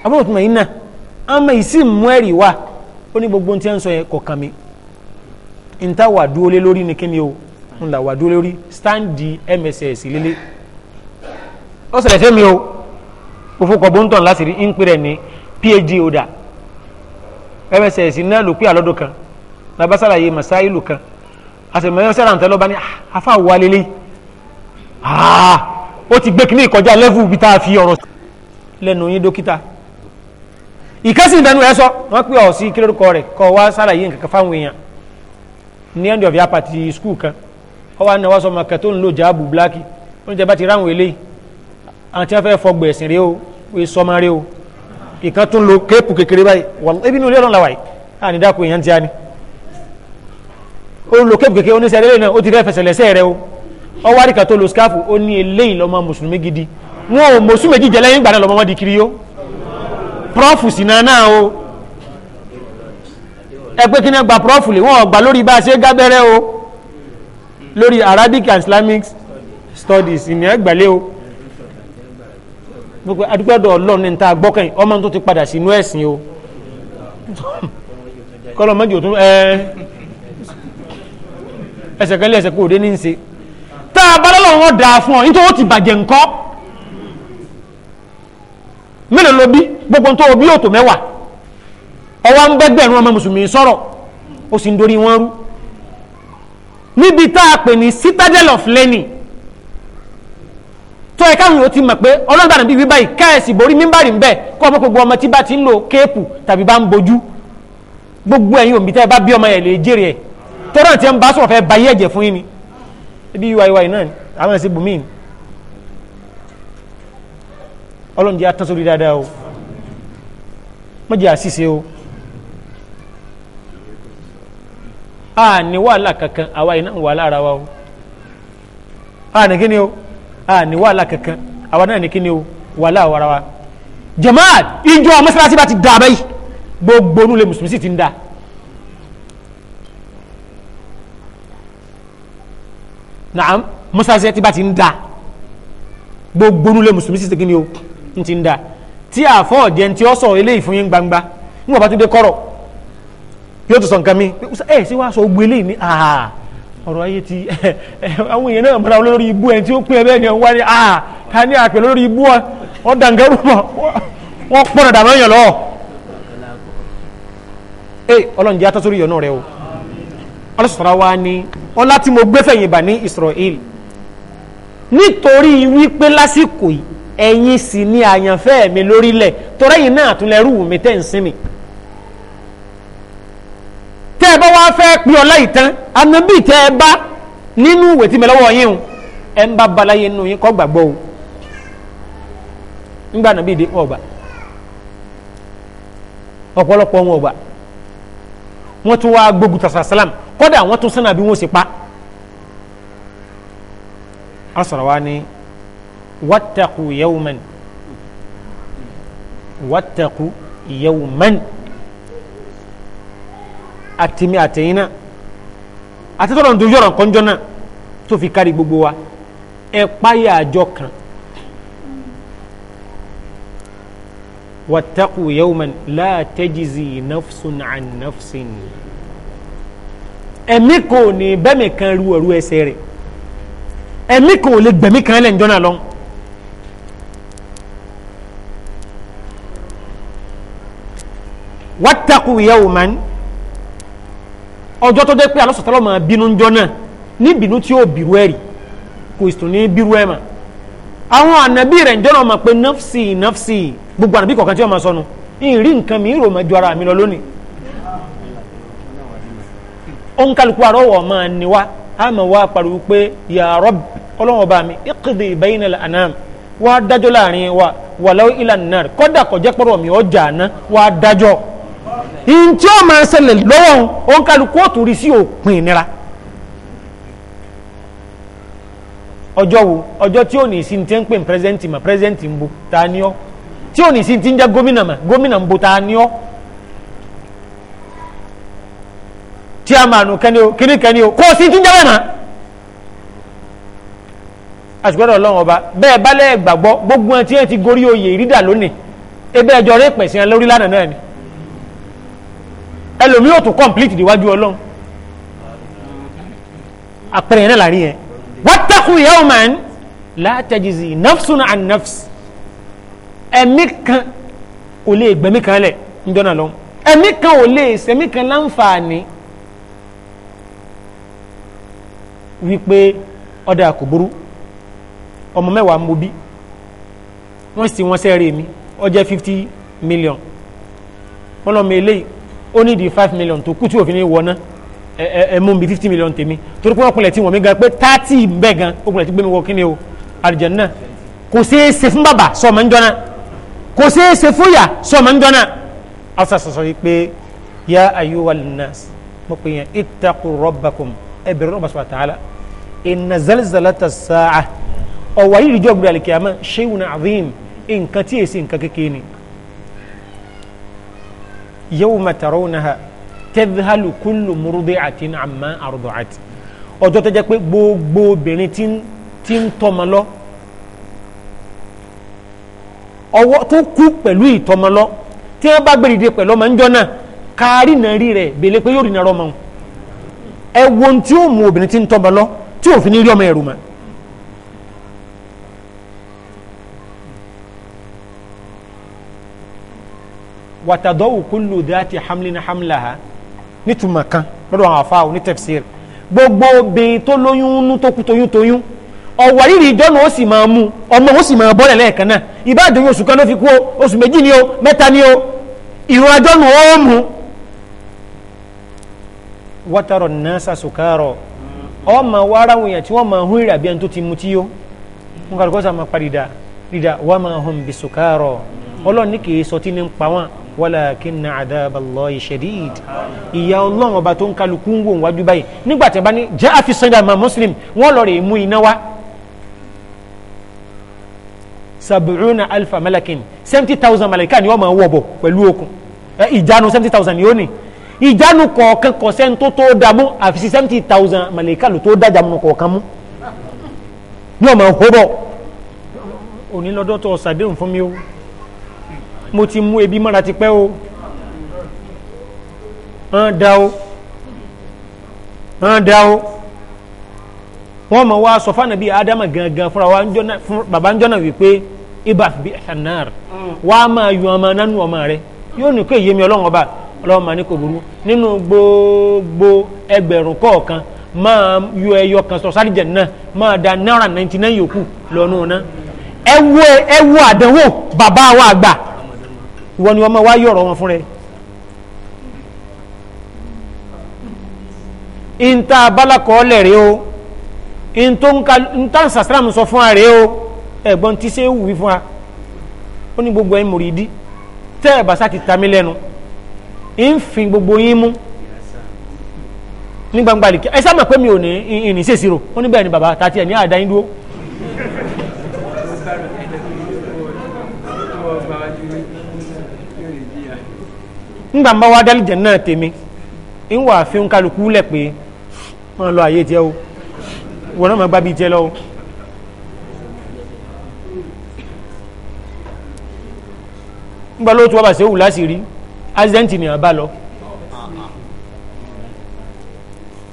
abúmùtùmọ̀ ah, yìí náà ìsì mú ẹ̀rí wa ó ní gbogbo tí a ń sọ yẹn kọ̀ọ̀kan mi n ta wà dúró lé lórí ni kí ni o n wà dúró lórí stáǹdì mss lélẹ́ẹ̀ ó ṣẹlẹ̀ sẹ́mi o òfòkọ̀ bóńtọ̀n láti rí ń ní phd oda mss náà ló pé àlọ́dún kan labasara yìí masailu kan àtẹ̀mọ́yọ́ sẹ́ra ń tẹ́lọ́ bá ní ah, afa wà lélẹ̀ ah, ó ti gbé kíní ìkọjá lẹ́fù bí tá a fi ọ̀rọ̀ lẹ́nu yín dókítà ìkẹ́sì ìdánù ẹ sọ wọ́n pè ọ̀ sí kílórúkọ rẹ̀ kọ́ wá sára yìí nǹkan fáwọn èèyàn ní end of year party school kan ọ wá ní wá sọ ọmọ kẹtó ń lò jáàbù bláàkì oúnjẹ bá ti ráwọn eléyìí àti afẹ́ fọgbọ̀ ẹ̀sìn rí o wí sọmọ rí o ìkan tún lo kéèpù kékeré báyìí wàlúù ebi ní olóòlù làwà yìí a ní dákun èèyàn ti a ni ó lo kéèpù kékeré oníṣẹ́ eré náà ó ti fẹ́ fẹsẹ̀ lẹ́sẹ̀ rẹ o ọwọ́ àríkà tó lo skáfù ó ní eléyìí lọ́mọ mùsùlùmí gidi wọn ò mùsùlùmí jíjẹ lẹ́yìn ìgbà náà lọ́mọ wọn di kiri yó prọ́fù sì náà náà o ẹ pé kí ni gba prọ́fù lè wọn gbà lórí bá a ṣe gábẹ́rẹ́ o lórí Arabic and Islamic studies ìní ẹgbẹ̀lẹ́ o gbogbo adúgbàdo ọlọ́run ní ta gbọ́kàn ọmọ tó ti padà sínú ẹ̀sìn o kọlọ mọ́jì òtún ẹ ẹsẹ̀ kẹ́lẹ́ ẹsẹ̀ kò dé ní ṣe tá a bá lọ́lọ́run wọn dà fún ọ nítorí ó ti bàjẹ́ ńkọ́ mélòó ló gbogbo tó o bí yóò tó mẹ́wàá ọwọ́ ń bẹ́gbẹ̀rún ọmọ mùsùlùmí sọ̀rọ̀ ó sì ń dorí wọn rú níbi tá a pè ní citadel of learning tó ẹ̀ka àwọn ti mọ̀ pé ọlọ́dàdàn bíi wíbáyìí káyẹ̀sì borí mímbàrì ń bẹ̀ kọ́ ọmọ gbogbo ọmọ tí bá ti ń lo kéèpù tàbí bá ń bojú gbogbo ẹ̀yin òbí bá bí ọmọ yẹn lè jèrè ẹ̀ tọ́lá ẹ ń bá sọ̀rọ̀ fẹ́ ba ẹ̀jẹ̀ fún yín ibi yíwa yíwa yìí náà ni àwọn ẹ̀sìn a ní wàhálà kankan àwa wa o ní o. a ah, ní wàhálà kankan àwa náà ní kí ni o wàhálà wàrà wa jamaa ìjọ mọ́sálásí bá ti dà báyìí gbogbo onúlé mùsùlùmí sì ti ń dà. naam mọ́sálásí ti bá ti ń dà gbogbo onúlé mùsùlùmí sì ti kí ni o ń ti ń dà tí àfọ́ ọ̀jẹ̀ tí ó sọ eléyìí fún yín gbangba níwọ̀n bá tún dé kọ́rọ̀ yóò tún sọ nǹkan mi ẹ̀ sí wàá sọ gbélé ní àhà ọ̀rọ̀ ayé ti *laughs* àwọn èèyàn náà mọ́ra olórí ibú ẹni tí ó pín ẹbẹ́ ni wá ní àà ká ní àpè lórí ibú wọn dàǹgẹ́rù mọ̀ wọ́n pọ̀nà dàmọ́ èèyàn lọ. ẹ ọlọ́run jẹ́ atọ́sórí ìyọ̀nù rẹ o ọlọ́sọ̀rọ̀ wa ni ọlá tí mo gbé fẹ̀yìn ní Israel nítorí wípé lásìkò yìí ẹ̀yin sì ni àyànfẹ́ mi lórílẹ̀ torẹ́yìn náà àtúnlẹ̀rù mi tẹ̀ ń sinmi. tẹ́ ẹ bá wá fẹ́ pín ọlá ìtàn ànábì tẹ́ ẹ bá nínú ìwé tí mi lọ́wọ́ yín o ẹ ń bá balayé nínú yín kọ́ gbàgbọ́ o ńgbà dé ọ̀gbà ọ̀pọ̀lọpọ̀ wọn ọ̀gbà wọ́n tún wá gbógun tàṣàṣàlám ni àtìmí àtẹ̀yìn náà àti tọ́lọ̀ tó yọ̀rọ̀ kọ́njọ́ náà tó fi kárí gbogbo wa ẹ páyà àjọ kan wattaqu yawman la tajzi nafsun an nafsin ẹ̀mí kò ní bẹ́mi kan ru ọ̀rú ẹsẹ̀ rẹ̀ ẹ̀mí kò lè kan lẹ́njọ́ náà lọ́n. wattaqu yawman ọjọ́ tó dé pé alọ́sọ̀tọ́lọ́ ma bínú jọ náà níbínú tí ó bírú ẹ̀rì kò sì tún ní bírú ẹ̀ mà àwọn ànábì rẹ̀ ǹjọ́ ma mọ̀ pé nọ́fsì nọ́fsì gbogbo ànábì kọ̀ọ̀kan tí wọ́n máa sọnu ìrí nǹkan mi ìrò máa ju ara mi lọ lónìí ó kálukú àrọ́ wọ̀ máa ní wá a máa wá pariwo pé ya Rabb ọlọ́wọ́n bá mi iqdi bayna al wa wá dájọ́ láàrin wa walau ila an-nar kọ́dà kọjá pọ̀rọ̀ mi ọjà àná wá dájọ́ ntí ó máa ṣẹlẹ̀ lọ́wọ́ òǹkàlùkù ó torí sí òpin ìnira ọjọ́ wo ọjọ́ tí ò ní sí ti ń pè pírẹsidẹ́ǹtì mà pírẹsidẹ́ǹtì ń bo ta ni ọ́ tí ò ní sí ti ń jẹ́ gómìnà mà gómìnà ń bo ta ni ọ́ tí a máa nù kẹ́ni o kíní kẹ́ni o kó o sí ti ń jẹ́ bẹ́ẹ̀ mà àṣùgbọ́dọ̀ ọlọ́run ọba bẹ́ẹ̀ bá lẹ́ẹ̀ gbàgbọ́ gbogbo ẹ̀ tí ẹ ti gorí oyè ìrídà lónìí ebe ẹjọ́ rẹ̀ pẹ̀sìn lórí lánàá náà ni ẹlòmí yóò tún complete níwájú ọlọ́run àpẹẹrẹ yẹn náà láàrin yẹn wattaqu yawman la tajzi nafsun an nafs ẹ̀mí kan kò lè gbẹ̀mí kan lẹ̀ ń dọ́nà lọ́wọ́ ẹ̀mí kan ò lè sẹ̀mí kan láǹfààní wípé ọ̀dà kò burú ọmọ mẹ́wàá mo bí wọ́n sì wọ́n sẹ́rẹ̀ mi ó fifty million wọ́n lọ́mọ eléyìí ó ní di five million tó kú tí òfin ní wọná ẹ ẹ mú mi fifty million tèmi torí pé wọn kulẹ̀ tí wọ́n mi gan pé thirty bẹ́ẹ̀ gan ó kulẹ̀ tí gbé wọ kí ni o àlùjànnà kò ṣeé ṣe fún bàbá sọ ma ń jọ́nà kò ṣeé ṣe fún yà sọ ń jọ́nà asa sọ̀sọ̀ yìí pé ya ayyuhal nas mo pè yẹn ittaqu rabbakum ẹ bẹ̀rù Ọba subhanahu wa ta'ala inna zalzalata as-sa'ah ọ̀wá yìí ìjọ gbé alikiyama shay'un 'azim nǹkan tí èsì nǹkan kékeré ni yawma tarawnaha tadhhalu kullu murdi'atin amma arda'at ọjọ́ tó jẹ́ pé gbogbo obìnrin tí ń tọmọ lọ ọwọ́ tó kú pẹ̀lú ìtọmọ lọ tí wọ́n bá gbèrèdè pẹ̀lú ọmọ ńjọ́ náà kárí náà rí rẹ̀ bèlè pé yóò rí náà rọmọ ẹ wo ohun tí ó mú obìnrin tí ń tọmọ lọ tí òfin ní rí ọmọ ẹ̀rù mọ́. wàtàdọ́wù kúlù dáàtì hamlin hamlaha nítumọ̀ kan lọ́dọ̀ àwọn afáwò ní tẹ̀fsíìrì gbogbo obìnrin tó lóyún nú tó kú toyún toyún ọ̀wà rírì ìjọ́nà ó sì máa mú ọmọ ó sì máa bọ́lẹ̀ lẹ́ẹ̀kan náà ìbáàdùn oṣù kan ló fi kú o oṣù méjì ni o mẹ́ta ni o ìrún ajọ́nù ó mú. wọ́tàrọ̀ náà sàṣùkárọ̀ ọmọ wàrà wọ̀nyà tí wọ́n máa hún ìrà bí tó ti mu tí yó wọn kàlùkọ́ sàmà pa rìdà rìdà wọ́n máa hún bí sùkárọ̀ ọlọ́ọ̀ni kì í sọtí ní pa wọn walakinna adhab Allahi shadid ìyà ọlọ́run ọba tó ń kálukú ń wò wájú báyìí nígbà tí a bá ní jẹ́ àfisànjà àmà muslim wọ́n lọ rè mú iná wá sab'una alfa malakin seventy thousand malaika ni wọ́n máa wọ̀ bọ̀ pẹ̀lú okùn ìjánu seventy thousand ni ó ní ìjánu kọ̀ọ̀kan kọ̀ọ̀sẹ́ tó tó dàmú àfi seventy thousand malaika ló tó dájà mú kọ̀ọ̀kan mú ni wọ́n máa hó bọ̀ òní lọ́dọ̀ tó ọ̀sàdéhùn mo ti mú ebi mọ́ra ti pẹ́ o hàn dá o hàn dá o wọ́n mọ̀ wá sọ fáwọn bíi ádámà gangan fúnra wa fún bàbá ń jọ́nà wípé ibà fi bí hanar wà á máa yun ọmọ nánú ọmọ rẹ yóò ní kó èyí mi ọlọ́run ọba ọlọ́run máa ní kò burú nínú gbogbo ẹgbẹ̀rún kọ̀ọ̀kan máa yọ ẹyọ kan sọ sárìjẹ náà máa da náírà ninety yòókù lọ́nù náà ẹ wo àdánwò bàbá wa àgbà ìwọ ni wọ́n máa wá yọ̀rọ̀ wọn fún rẹ. ìntà abálakọ̀ lẹ̀rẹ̀ o ìntà sàsàràmù sọ fún ààrẹ o ẹ̀gbọ́n tí ṣé wù fún wa ó ní gbogbo ẹ̀ mùrídìí tẹ́ ẹ̀ bá sá ti lẹ́nu ń fi gbogbo yín mú ní gbangba lè ẹ sábà pé mi ò ní ìrìnsèsirò ó ní bẹ́ẹ̀ ni bàbá tàti ẹ̀ ní àdá dúró ńgbà ń bá wá dálì jẹ̀ náà tèmi ń wà fi ń kálukú lẹ̀ pé máa lọ àyè jẹ́ o wọ́n náà máa gbá bí o lọ́wọ́. ńgbà lóòótọ́ wà bàṣẹ́ wù láṣìírí ásídẹ́ǹtì nìyàn bá lọ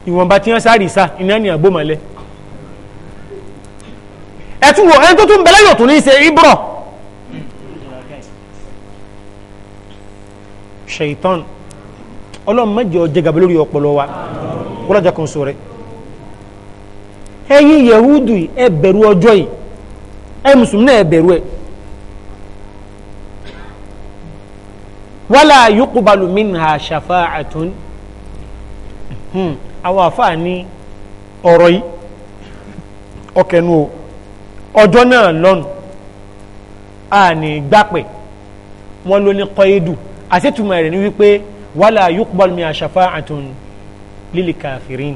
ìwọ̀nba tí wọ́n sáré sá iná ní àgbọ́mọ̀lẹ́ ẹ̀tún wo ẹni tó tún bẹ̀lẹ́ yóò tún ní í ṣe ibrọ̀ shaitan ọlọ́run má jẹ́ ó jẹ gàba lórí ọpọlọ wa kọ́lájà kan sọ rẹ̀ ẹ̀yin yahudu ẹ bẹ̀rù ọjọ́ yìí ẹ mùsùlùmí náà ẹ bẹ̀rù ẹ wala yuqbalu minha shafa'atun hmm, àwọn àfáà ní ọ̀rọ̀ yìí ọkẹnu ọjọ́ náà lọ́nù a gbápẹ̀ wọ́n ló ní kọ́ edu àṣetùmọ̀ rẹ̀ ni wípé wàlà yuqbal mi àṣàfà àtún lílì kàfìrín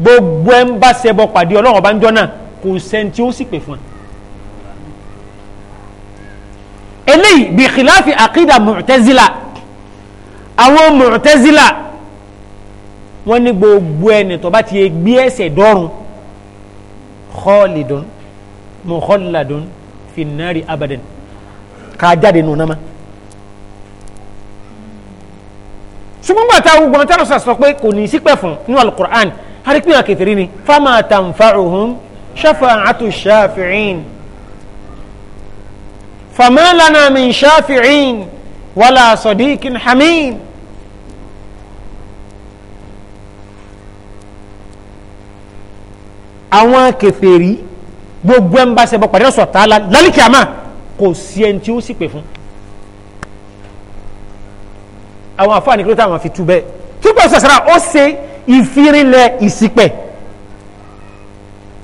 gbogbo ẹ̀ ń bá ṣẹbọ pàdé ọlọ́run ọba ń jọ́ náà kò sẹ́ni tí ó sì pè fún un. eléyìí bí khilafi àkídà mu'tazila àwọn mu'tazila wọ́n ní gbogbo ẹni tó bá ti gbé ẹsẹ̀ dọ́rùn khalidun mukhalladun fi abadan ká jáde nù náà ṣùgbọ́n gbàtà ogun ọ̀tá lọ́sà sọ pé kò ní í sípẹ̀ fún nínú alukur'an arípìnà kẹfìrí ni fama tanfa'uhum shafa'atu shafi'in fama lana min shafi'in wala sadiqin hamim. àwọn kẹfìrí gbogbo ẹ̀ ń bá ṣẹbọ pàdé ọ̀sọ̀ tààlà lálẹ́ kìámà kò sí ẹni tí ó sì pè fún àwọn àfáà nìkan táwọn fi tú bẹ́ẹ̀ túbọ̀ sàṣàrà ó ṣe ìfirinlẹ̀ ìṣìpẹ̀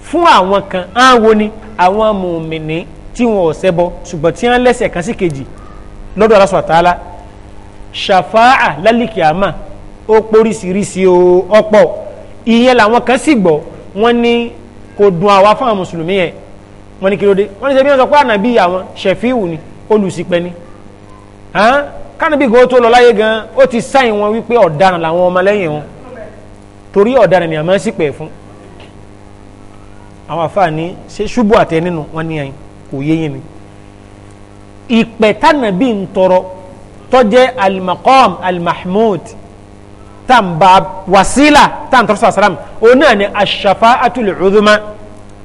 fún àwọn kan àwọn ni àwọn mùmìnì tí wọn ò ṣẹbọ ṣùgbọ́n tí wọn lẹ́sẹ̀ kan sí kejì lọ́dọ̀ Allah subhanahu wa ta'ala ṣàfáà lálìkìámà ó póríṣiríṣi ọ̀pọ̀ ìyẹn làwọn kan sì gbọ́ wọn ní kò dùn àwa fáwọn mùsùlùmí yẹn wọn ní kí ló dé wọn ní sẹ́bí wọn sọ pé ànábì àwọn ṣẹ̀fíìwù ni olùṣìpẹ̀ ni kánibí gan tó lọ láyé gan ó ti sáyìn wọn wípé ọ̀daràn làwọn ọmọlẹ́yìn wọn torí ọ̀daràn ni àmọ́ sí pẹ̀ fún àwọn àfààní ṣé ṣubú àtẹ nínú wọn ní ẹyin kò yé yín ni ìpẹ́ tánàbí ń tọrọ tọ́jẹ́ alimakọ́m alimahmud tàǹbà wàsílà tàǹtọ́rọ́ sàṣàràm òun náà aṣàfà àtúlẹ̀ ọdúnmá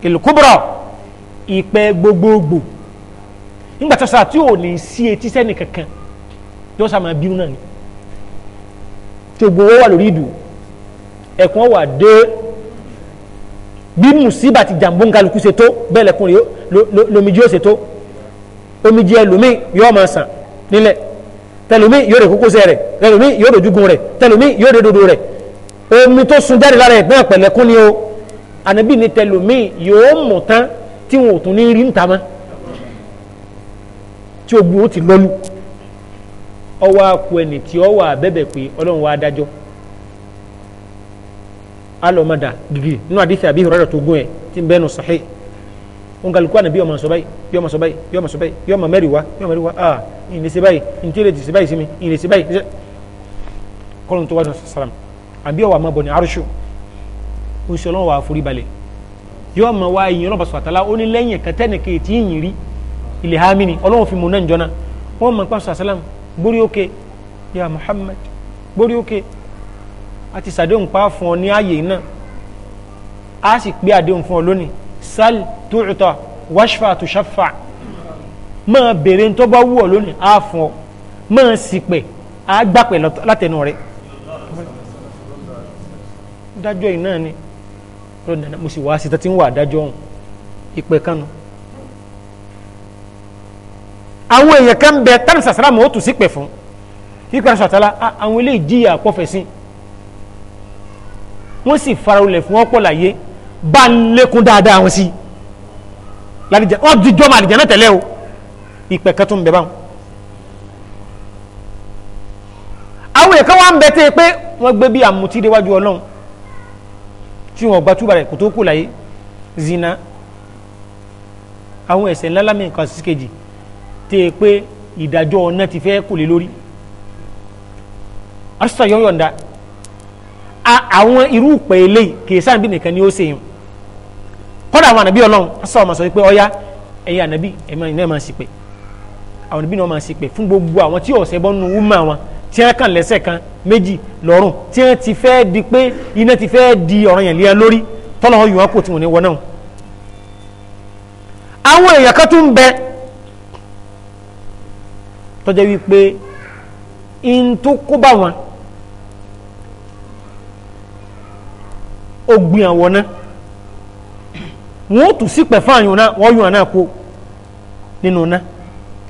ìlúkúbọ̀rọ̀ ìpẹ́ gbogbogbò nígbà tó sàtúwò ní sí etí sẹ́ni kankan yóò sá máa bínú náà ni tí gbogbo wa lórí ìdù ẹ̀kún wà dé bí mùsíbà ti jàǹbó ń kálukú ṣe tó bẹ́ẹ̀ lẹ́kùn lomijé ó ṣe tó omijé ẹlòmíì yóò máa sàn nílẹ̀ tẹlomi yóò rè kókósẹ̀ rẹ̀ tẹlomi yóò rè ojúgun rẹ̀ tẹlomi yóò rè dodo rẹ̀ omi tó sun jáde lára ẹ̀ náà pẹ̀lẹ́kùn ni o ànábì ni tẹlomi yóò mọ̀ tán tí wọn ò tún ní rí ń ta mọ́ tí o gbúrò ti lọ́lù ọwọ́ akú ẹni tí ọ wà bẹ́bẹ̀ pé ọlọ́run wá dájọ́ alọ́mọdà gígì nínú àdìsí àbí ìrọ̀rọ̀ tó gún ẹ̀ tí ń bẹ́nu sọ̀hẹ́ òun kàlùkù àná bí ọmọ sọ báyìí bí ọmọ sọ báyìí bí ọmọ sọ báyìí bí ọmọ mẹ́rin wá bí ọmọ mẹ́rin wá ah ìní sí báyìí ìní lè ti sí báyìí sí mi ìní sí báyìí kọ́lùn tó wá sọ̀rọ̀ sàràm àbí ọwọ́ àmọ́ bọ̀ ní arúṣù òun sì ọlọ́run wà forí balẹ̀ yóò mọ̀ wá ìyìn ọlọ́pàá sọ̀rọ̀ àtàlà ó ní lẹ́yìn kẹtẹ́nìkẹ́ tí ì gbórí òkè ya Muhammad gbórí òkè a ti sàdéhùn pa fún ọ ní ààyè náà a sì pé àdéhùn fún ọ lónìí sal tu'ta washfa tushaffa máa béèrè tó bá wù ọ lónìí a fún ọ máa sì pẹ̀ a gbà pẹ̀ látẹnu rẹ̀ dájọ́ yìí náà ni mo sì wá sí tẹ́tí ń wà dájọ́ ọ̀hún ìpẹ́ àwọn èèyàn kan bẹ tán sàsàràmù ó tù sí pẹ̀ fún kíkọ́ sọ̀tàlá àwọn ilé ìjìyà pọ̀fẹ̀sìn wọ́n sì farolẹ̀ fún ọ̀pọ̀ láyé bá ń lékún dáadáa wọn sí lálìjà wọ́n ti jọ́ màlìjà náà tẹ̀lé o ìpẹ̀ kan tún bẹ báwọn. àwọn èèyàn kan wá ń bẹ tẹ́ pé wọ́n gbé bí àmùtí déwájú ọlọ́run tí wọ́n gba túbà rẹ̀ kó tó kù láyé zina àwọn ẹ̀ṣẹ̀ ńlá lámì nǹkan sí kejì tẹ́ ẹ pé ìdájọ́ ọ̀nà ti fẹ́ kò lè lórí asọ́sọ yọ yọ̀ǹda àwọn irú ìpè eléyìí kì í sáà bí nìkan ni ó ṣe yìí kọ́dà àwọn ànàbí ọlọ́run asọ́sọ ọmọ sọ pé ọ̀ya ẹ̀yin ànàbí ẹ̀yin náà máa sì pé àwọn ànàbí náà máa sì pé fún gbogbo àwọn tí ọ̀sẹ̀ bọ́ nínú wúmọ̀ àwọn tí wọ́n kàn lẹ́sẹ̀ kan méjì lọ́rùn tí wọ́n ti fẹ́ di pé iná ti fẹ́ di ọ̀ràn yẹn léyàn lórí tọ́lọ́ tọ́jẹ́ wípé in tó kó bá wọn ó gbin àwọn náà wọn ó tù sí pẹ̀ fáàyàn náà wọ́n yún àná kó nínú náà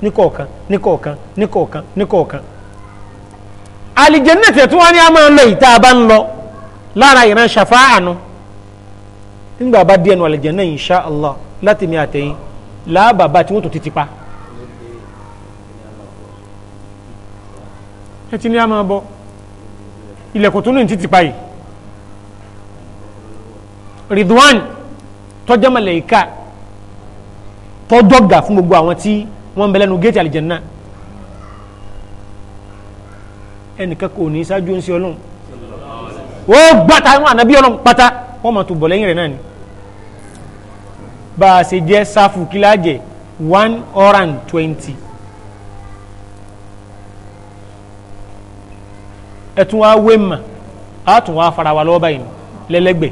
níkọ̀ọ̀kan níkọ̀ọ̀kan níkọ̀ọ̀kan níkọ̀ọ̀kan àlìjẹ́nà tẹ̀ tí wọ́n ní a máa ń lọ ìta bá ń lọ lára ìran ṣàfá àánú nígbà bá díẹ̀ nu àlìjẹ́nà insha Allah láti mi àtẹ̀yìn làábàbà tí wọ́n tó ti ti pa. ẹ ti ní àmọ́ bọ́ ilẹ̀kùn tó ní títì pa Ridwan tọ́jọ́ mọ̀lẹ́yìká tọ́jọ́ gà fún gbogbo àwọn tí wọ́n ń bẹ lẹ́nu géètì àlìjẹ̀nà ẹnìkan kò ní ṣáájú ń ṣe ọlọ́run ó gbàtà àwọn ànábí ọlọ́run pátá wọ́n máa tó bọ̀ lẹ́yìn rẹ̀ náà ni bá a ṣe jẹ́ sáfù kíláàjẹ̀ one hundred and twenty. ẹtún wa wé mà á tún wa fara wa lọ́wọ́ báyìí lẹ́lẹ́gbẹ̀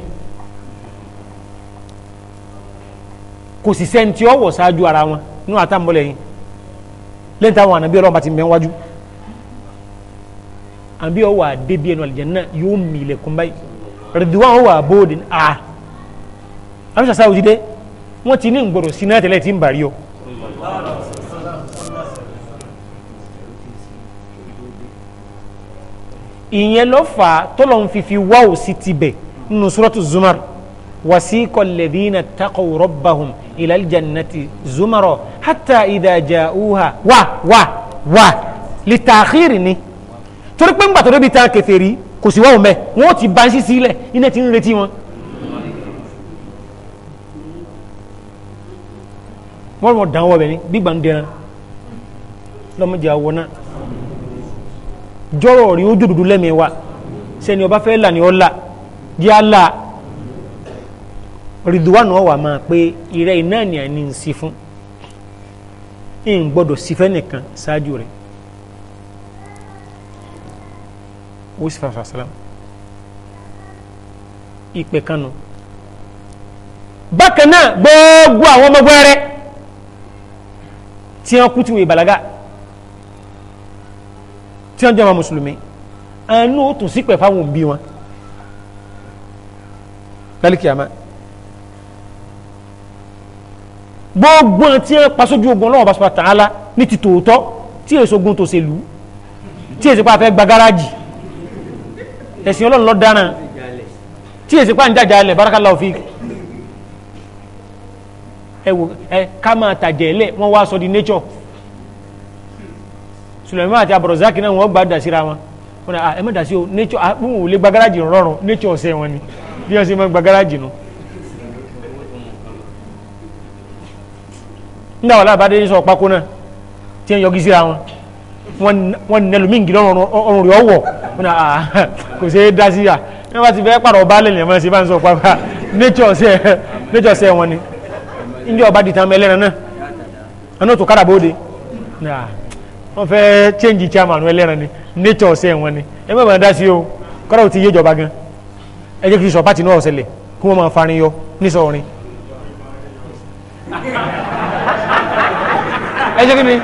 kò sì sẹ́ni tí ó wọ̀ ṣáájú ara wọn nínú àtàmúlẹ̀ yìí lẹ́yìn táwọn ànàbí ọlọ́run bá ti mẹ́ wájú àbí ọ wà débi ẹnu àlìjẹ́nà yóò mì ilẹ̀kùn báyìí rẹ̀díwá ọ wà bóòdì à àbí sàṣà òjìdé wọ́n ti ní ìgbọ̀rọ̀ sí náà tẹ́lẹ̀ ń bàrí ọ. ìyẹn ló fà á tọ́lọ̀ ń fífi wáwò sí tibẹ̀ nínú suratu zumar wasiqa alladhina taqaw rabbahum ila aljannati zumaro hatta idha ja'uha wá wá wá litakhiri ni torí pé ńgbà tó débi ta kèfèrí kò sí wáwò mẹ́ wọ́n ti bá ń sí iná ti ń retí wọn. wọ́n mọ̀ dánwọ́ bẹ̀ ni gbígbà ń lọ́mọdé àwọn náà jọ́rọ̀ rí ó dòdòdó lẹ́mìí wa sẹ́ni ọba fẹ́ là ní ọlá yí á là ridwan ọwà máa pé ìrẹ́ iná ni àní ń sí fún ń gbọ́dọ̀ sí fẹ́ nìkan ṣáájú rẹ̀ ó sì fàfà sálám ìpè kanu bákan náà gbogbo àwọn ọmọ gbọ́ rẹ̀ tí wọ́n kú tí wọ́n ìbàlágà tí wọ́n jẹ́ ọmọ mùsùlùmí àánú ó tún sípẹ̀ fáwọn òbí wọn lálẹ́kì àmà gbogbo tí wọ́n pasójú ogun ọlọ́wọ́ bàṣọ àtàlá ní ti tòótọ́ tí èso ogun tó ṣe lù tí èso pa fẹ́ gba gáràjì ẹ̀sìn ọlọ́run lọ dáná tí èsì pa ń jàjà ilẹ̀ barakallahu fik ẹ wò ẹ ká máa tàjẹ̀ lẹ̀ wọ́n wá sọ di nature Sulaiman àti Abọ̀rọ̀sákì náà wọ́n gbà dasíra wọn wọn ah ẹ má dasí o nature àpòwò lè gbagaraji rọrùn nature ọ̀sẹ̀ wọn ni bí wọ́n ṣe máa gbagaraji nù. nígbà wàhálà bá dé sọ pákó náà tí wọ́n yọgí síra wọn wọ́n ní ẹlòmíì gidi ọrùn rẹ̀ ọwọ́ wọn ni kò ṣeé dasí à ní wọ́n ti fẹ́ pàrọ̀ baálé ni ẹ̀mọ́ ṣe bá ń sọ pápá nature ọ̀sẹ̀ wọn ni ndé ọba di tàn mẹ́lẹ́ran náà àná tó kára bóde wọ́n fẹ́ change chairman ẹlẹ́ran ni nature ọ̀sẹ̀ wọn ni ẹ má bàa dá sí o kọ́ra ò ti yé ìjọba gan ẹ jẹ́ kí sọ pàtì náà ọ̀sẹ̀lẹ̀ kí wọ́n máa farin yọ nísọ orin ẹ jẹ́ kí ni.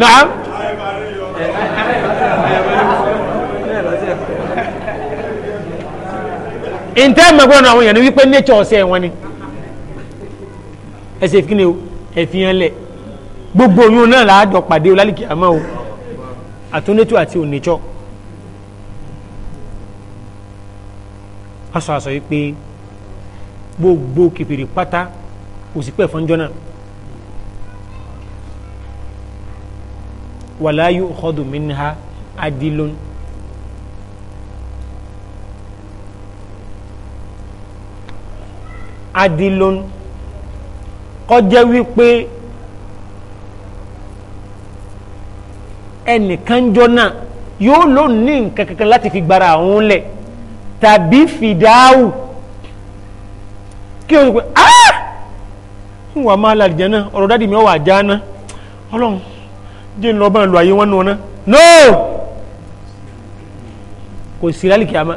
naam ntẹ́ mẹ́gbọ́n náà àwọn èèyàn ni wípé nature ọ̀sẹ̀ wọn ni ẹsẹ̀ kí ni o ẹ̀fihàn lẹ̀ gbogbo oyún náà láàjọ pàdé o lálìkì àmọ́ o àtúnétò àti ònìjọ́ aṣọ àṣọ yìí pé gbogbo kìfìrì pátá òsì pẹ̀ fọ́njọ́ náà wala yu'khadhu minha adilun adilun kọjá wípé ẹnìkan jọ náà yóò lò ní nǹkan kankan láti fi gbára àwọn lẹ̀ tàbí fìdáwù kí o sọ pé ah ń wà máa làlìjẹ́ náà ọ̀rọ̀ dáàdì mi ọ̀ wà já ná ọlọ́run jẹ́ ńlọ bá ń ayé wọn nù no kò sí lálìkì àmọ́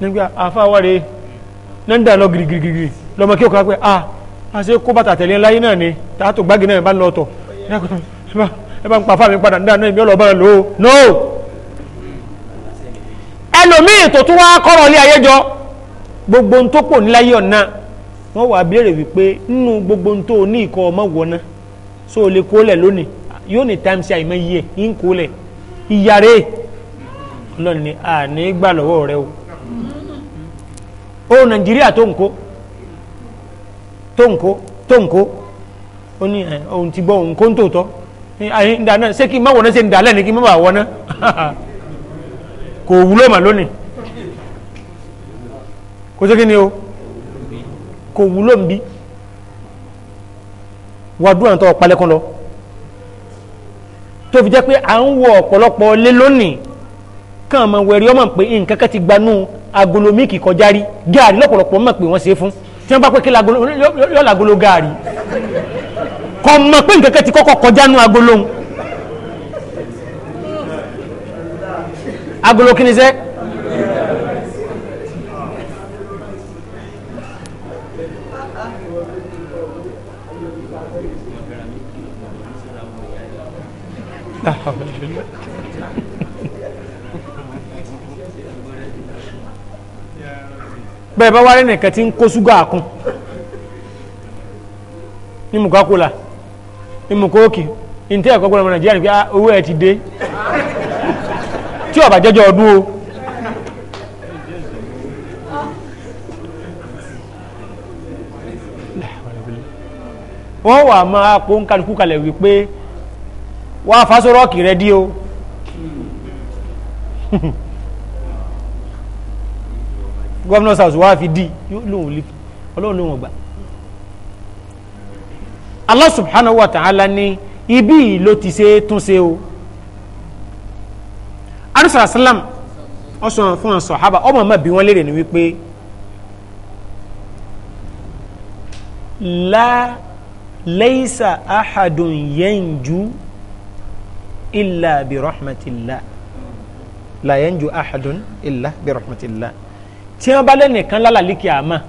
nígbà àfáwárẹ̀. na ń dà lọ girigirigiri lọmọ kí o kọ́ pé a ah, a ṣe kó bàtà tẹ̀lé náà ni gbági náà bá lọ ẹ bá ń pa padà nígbà náà èmi lò ó no gbogbo tó níláyé ọ̀nà wọ́n wà wípé nínú gbogbo tó ní ìkọ́ ọmọ lónìí yóò ní yìí ń ó nàìjíríà tó nkó tó nkó tó nkó ó ní eh, ohun ti gbọ́ nkó tó tọ́ ayi ndana ṣé kí n má wọná ṣe ń dalẹ̀ ni kí n má bàa wọná *laughs* kò wúlò mà lónìí kò sí kí ni o kò wúlò ń bí wàdúrà ń tọ́ ọ̀pálẹ́kọ́ lọ tó fi jẹ́ pé à ń wọ ọ̀pọ̀lọpọ̀ lé lónìí kàn mọ wẹ̀rí ọmọ pé nǹkan kan ti gbanú agolo míìkì kọjá rí gaari lọ́pọ̀lọpọ̀ mọ̀ pé wọ́n ṣe é fún tí wọ́n bá pé kí yọ̀ọ̀lá agolo gaari kọ́ mọ̀ pé nǹkan kan ti kọ́kọ́ kọjá nú agolo ń agolo kí ni Ah, okay. bẹ́ẹ̀ bá wárẹ́ nìkan tí ń kó ṣúgà kún ní mùkọ́ kóla ní mùkọ́ òkè ní tí ẹ̀kọ́ gbọ́dọ̀ nàìjíríà ní pé ah, owó ẹ̀ ti dé tí ọ̀bà jẹ́jọ́ ọdún o wọ́n wà máa pò ń kálukú kalẹ̀ wípé wá fásórọ́ọ̀kì rẹ dí o. *laughs* governors house wàá fi di lóhùn lè ọlọ́run lóhùn ọgbà Allah subhanahu wa ta'ala ní ibi yìí ló ti ṣe tún ṣe o arísàlá sálám ọsàn fún ọsàn ọhábà ọmọ ọmọ bí wọn léèrè ni wípé la laysa ahadun yanju illa bi rahmatillah la yanju ahadun illa bi rahmatillah tí wọ́n bá lẹ́nìkan lálàlíkì àmà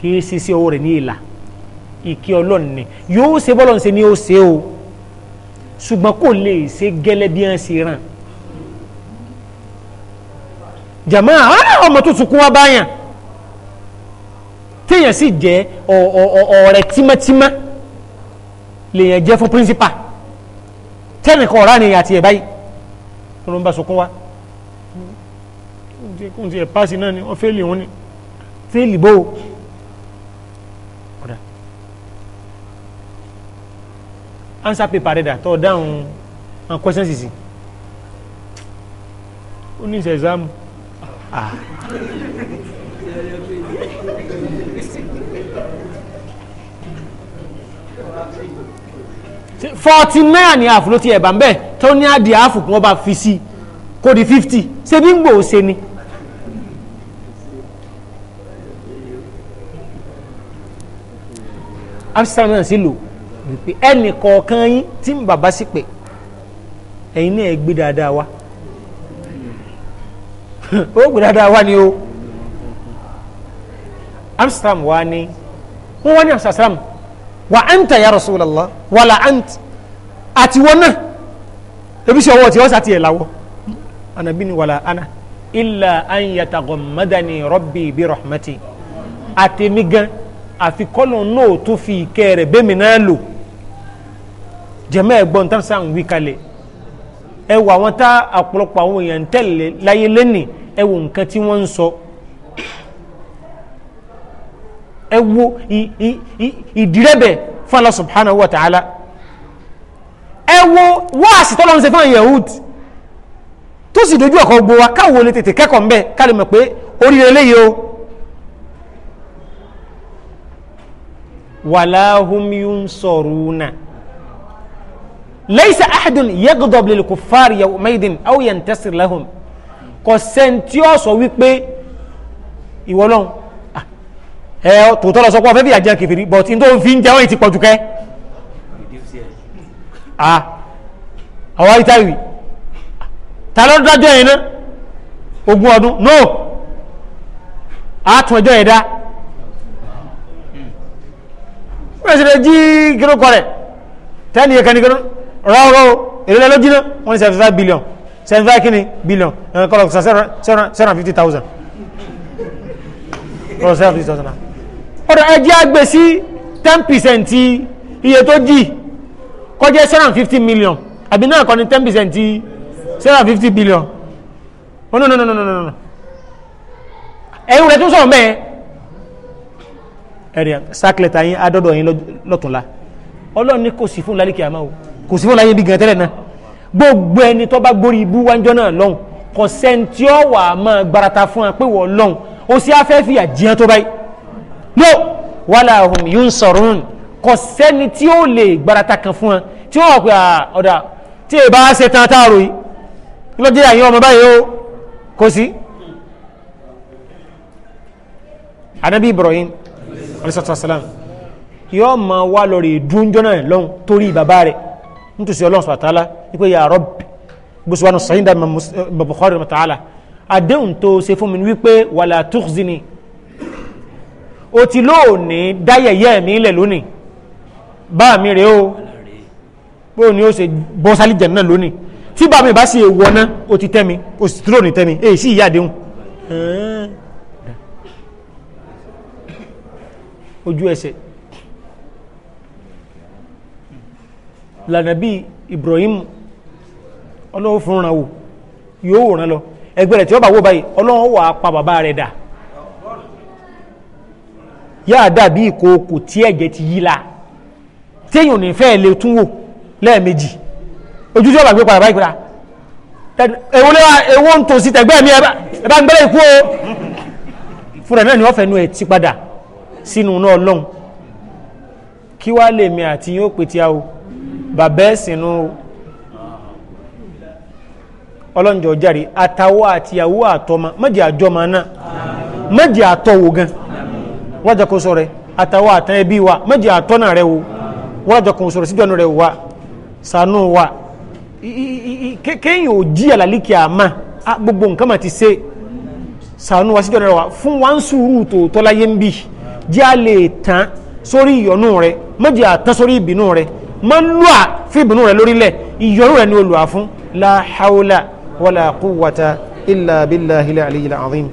kì í ṣe sí owó rẹ̀ ní ìlà ìkí ọlọ́run ni yóò ṣe bọ́lọ̀ ṣe ni ó ṣe o ṣùgbọ́n kò lè ṣe gẹ́lẹ́ bí wọ́n ṣe ràn jama ọmọ tó sunkún wa báyàn téèyàn sì jẹ́ ọ̀rẹ́ tímátímá lèèyàn jẹ́ fún píríncípà tẹ́nìkan ọ̀rá nìyàn àti ẹ̀ báyìí tó ló ń bá sunkún wa tí kò tí ẹ̀ pàṣẹ náà ni wọ́n fẹ́lì wọn ni fẹ́lì bó ọ̀dà answer paper rẹ̀ dà tọ́ dáhùn àwọn questions yìí ó ní ìṣẹ̀ exam forty nine ni àfúlótì ẹ̀bà ń bẹ̀ tó ní àdìẹ àfùkún ọba fi sí kó di fifty ṣe bí gbòó ṣe ni. absa náà sì lò wípé ẹnì kọ̀ọ̀kan yín tí bàbá sì pè ẹ̀yin náà gbé dáadáa wá *laughs* ó gbé dáadáa wá ni o amsterdam wá ní wọ́n wá ní amsterdam wà áńtà ya Rasulullah wà là áńtà àti wọn náà ebi sọ wọ́n ti ọ́ láwọ́ anabi ni wà là ánà illa an yataghammadani rabbi bi àtẹ̀mí gan àfi kọ́lọ̀ náà tó fi ìkẹ́ rẹ̀ bẹ́mi náà lò jẹ̀mẹ́ ẹ̀gbọ́n tá sàn wí kalẹ̀ ẹ wọ àwọn tá àpọ̀lọpọ̀ àwọn èèyàn ń tẹ̀lé láyé lẹ́nìí ẹ wọ nǹkan tí wọ́n ń sọ ẹ wo ìdírẹ́bẹ̀ fún Allah subhanahu wa ta'ala ẹ wo wáàsì tọ́lọ́ ń ṣe fún yahud tó sì dojú ọkọ̀ gbowó káwọ́ lè tètè kẹ́kọ̀ọ́ ń bẹ̀ mọ̀ pé oríire léyìí o. wàláhùmíún sọ̀rùnà lẹ́yìn àhàdùn yẹ́gọ́dọ̀bù lè kò fàárì yàwó mẹ́dìn áwòyàn tẹ́sìrì lẹ́hùn kò sẹ́ni tí ó sọ wípé ìwọlọ́n ah, ẹ tòótọ́ lọ sọ pé ọ̀fẹ́ bí àjẹ́ kẹfìrí but n tó fi ń jẹun ti pọ̀jù kẹ́ ah, àwọn ìtàwí ta ló dájọ́ yẹn náà ogún ọdún no àtúnjọ́ yẹn dá wọ́n ṣe lè jí kíló kọ́ rẹ̀ tẹ́lẹ̀ yẹ kẹ́nìkan rọ́rọ́ èrè lọ́jọ́ jiná wọ́n ní seventy five billion seventy five kíni billion kọ́lọ̀ sọ seven hundred fifty thousand kọ́lọ̀ seven fifty thousand. ọ̀dọ̀ ẹ jẹ́ àgbẹ̀ sí ten percent iye tó jì kọjá seven hundred fifty million àbí náà kọ́ni ten percent seven hundred fifty billion. oh no no no no no no ẹ̀yin rẹ̀ tún sọ̀rọ̀ mẹ́ẹ̀ ẹ̀rìn sákìlẹ̀tà yín adọ́dọ̀ yín lọ́tùnla ọlọ́run ní kò sí fún lálẹ́ kìámà o kò sí fún láyé bí gan tẹ́lẹ̀ náà gbogbo ẹni tó bá gbórí ibú wájọ́ náà lọ́hùn kò ọ̀wà máa gbarata fún wa pé wọ́n lọ́hùn ó sì afẹ́ fi àjíyàn tó báyìí no wàhálà ọ̀hún yóò ń sọ̀rọ̀ hùn kò sẹ́ni tí ó lè gbarata kan fún wa tí wọ́n pè ọ̀dà tí èèbá ṣe tán táàrò yìí lọ́dẹ àyìn ọmọ báyìí ó kò sí. anabi ibrahim alisatuwasalam yóò máa wá lọ rè dún jọ́nà lọ́hùn torí bàbá rẹ̀ nítòsí ọlọ́run sọ̀tàlá ya Rob gbèsè wàánu sàyíndà Bukhari mọ̀tàlá àdéhùn tó ṣe fún mi wipe wala tukhzini o ti ni dáyẹ̀yẹ́ mi lẹ̀ lónìí bá mi rè o bó ni ó ṣe bọ́ sálí jẹ̀ náà lónìí tí bá mi bá sì wọná o ti tẹ́ mi o sì tún lóòní tẹ́ mi èyí sì ìyá àdéhùn. ojú ẹsẹ̀ lànàbí Ibrahim ọlọ́wọ́ fún ràn wò yóò wòran lọ ẹgbẹ́ rẹ̀ tí ó bá wò báyìí ọlọ́wọ́ wà pa bàbá rẹ̀ dà yáà dàbí ìkòkò tí ẹ̀jẹ̀ ti yí la téèyàn ní fẹ́ lè tún wò lẹ́ẹ̀mejì ojú tí ó bá gbé padà báyìí padà ewo lẹ́wà ewo ń tòsí tẹ̀gbẹ́ mi ẹ bá ń gbẹ́lẹ̀ ikú o fúnra náà ni wọ́n fẹ́ nu ẹ̀ ti padà sínú náà lọ́n kí wá lè mi àti yóò pè tí a o bàbá ẹ̀sìnú ọlọ́njọ́ járe àtàwọ̀ àti ìyàwó àtọ́mọ mọ́jì àjọmọ náà mọ́jì àtọ́wò gan wọ́n jẹ́ kó sọ rẹ̀ àtàwọ̀ àtàn ẹbí wa mọ́jì àtọ́nà rẹ̀ wo wọ́n sọ rẹ̀ síjọ́nù rẹ̀ wa sànú wa kéèyàn ò jí àlàlíkì àmà gbogbo nǹkan mà ti ṣe sànú wa síjọ́nù rẹ̀ wa fún wa ń sùúrù tòótọ́ láyé ń bì jẹ́ a lè tán sórí ìyọnú rẹ méjì àtán sórí ìbínú rẹ mọ lùà fi ìbínú rẹ lórílẹ̀ ìyọnú rẹ ni olùwà fún la hawla wala quwwata illa billahi al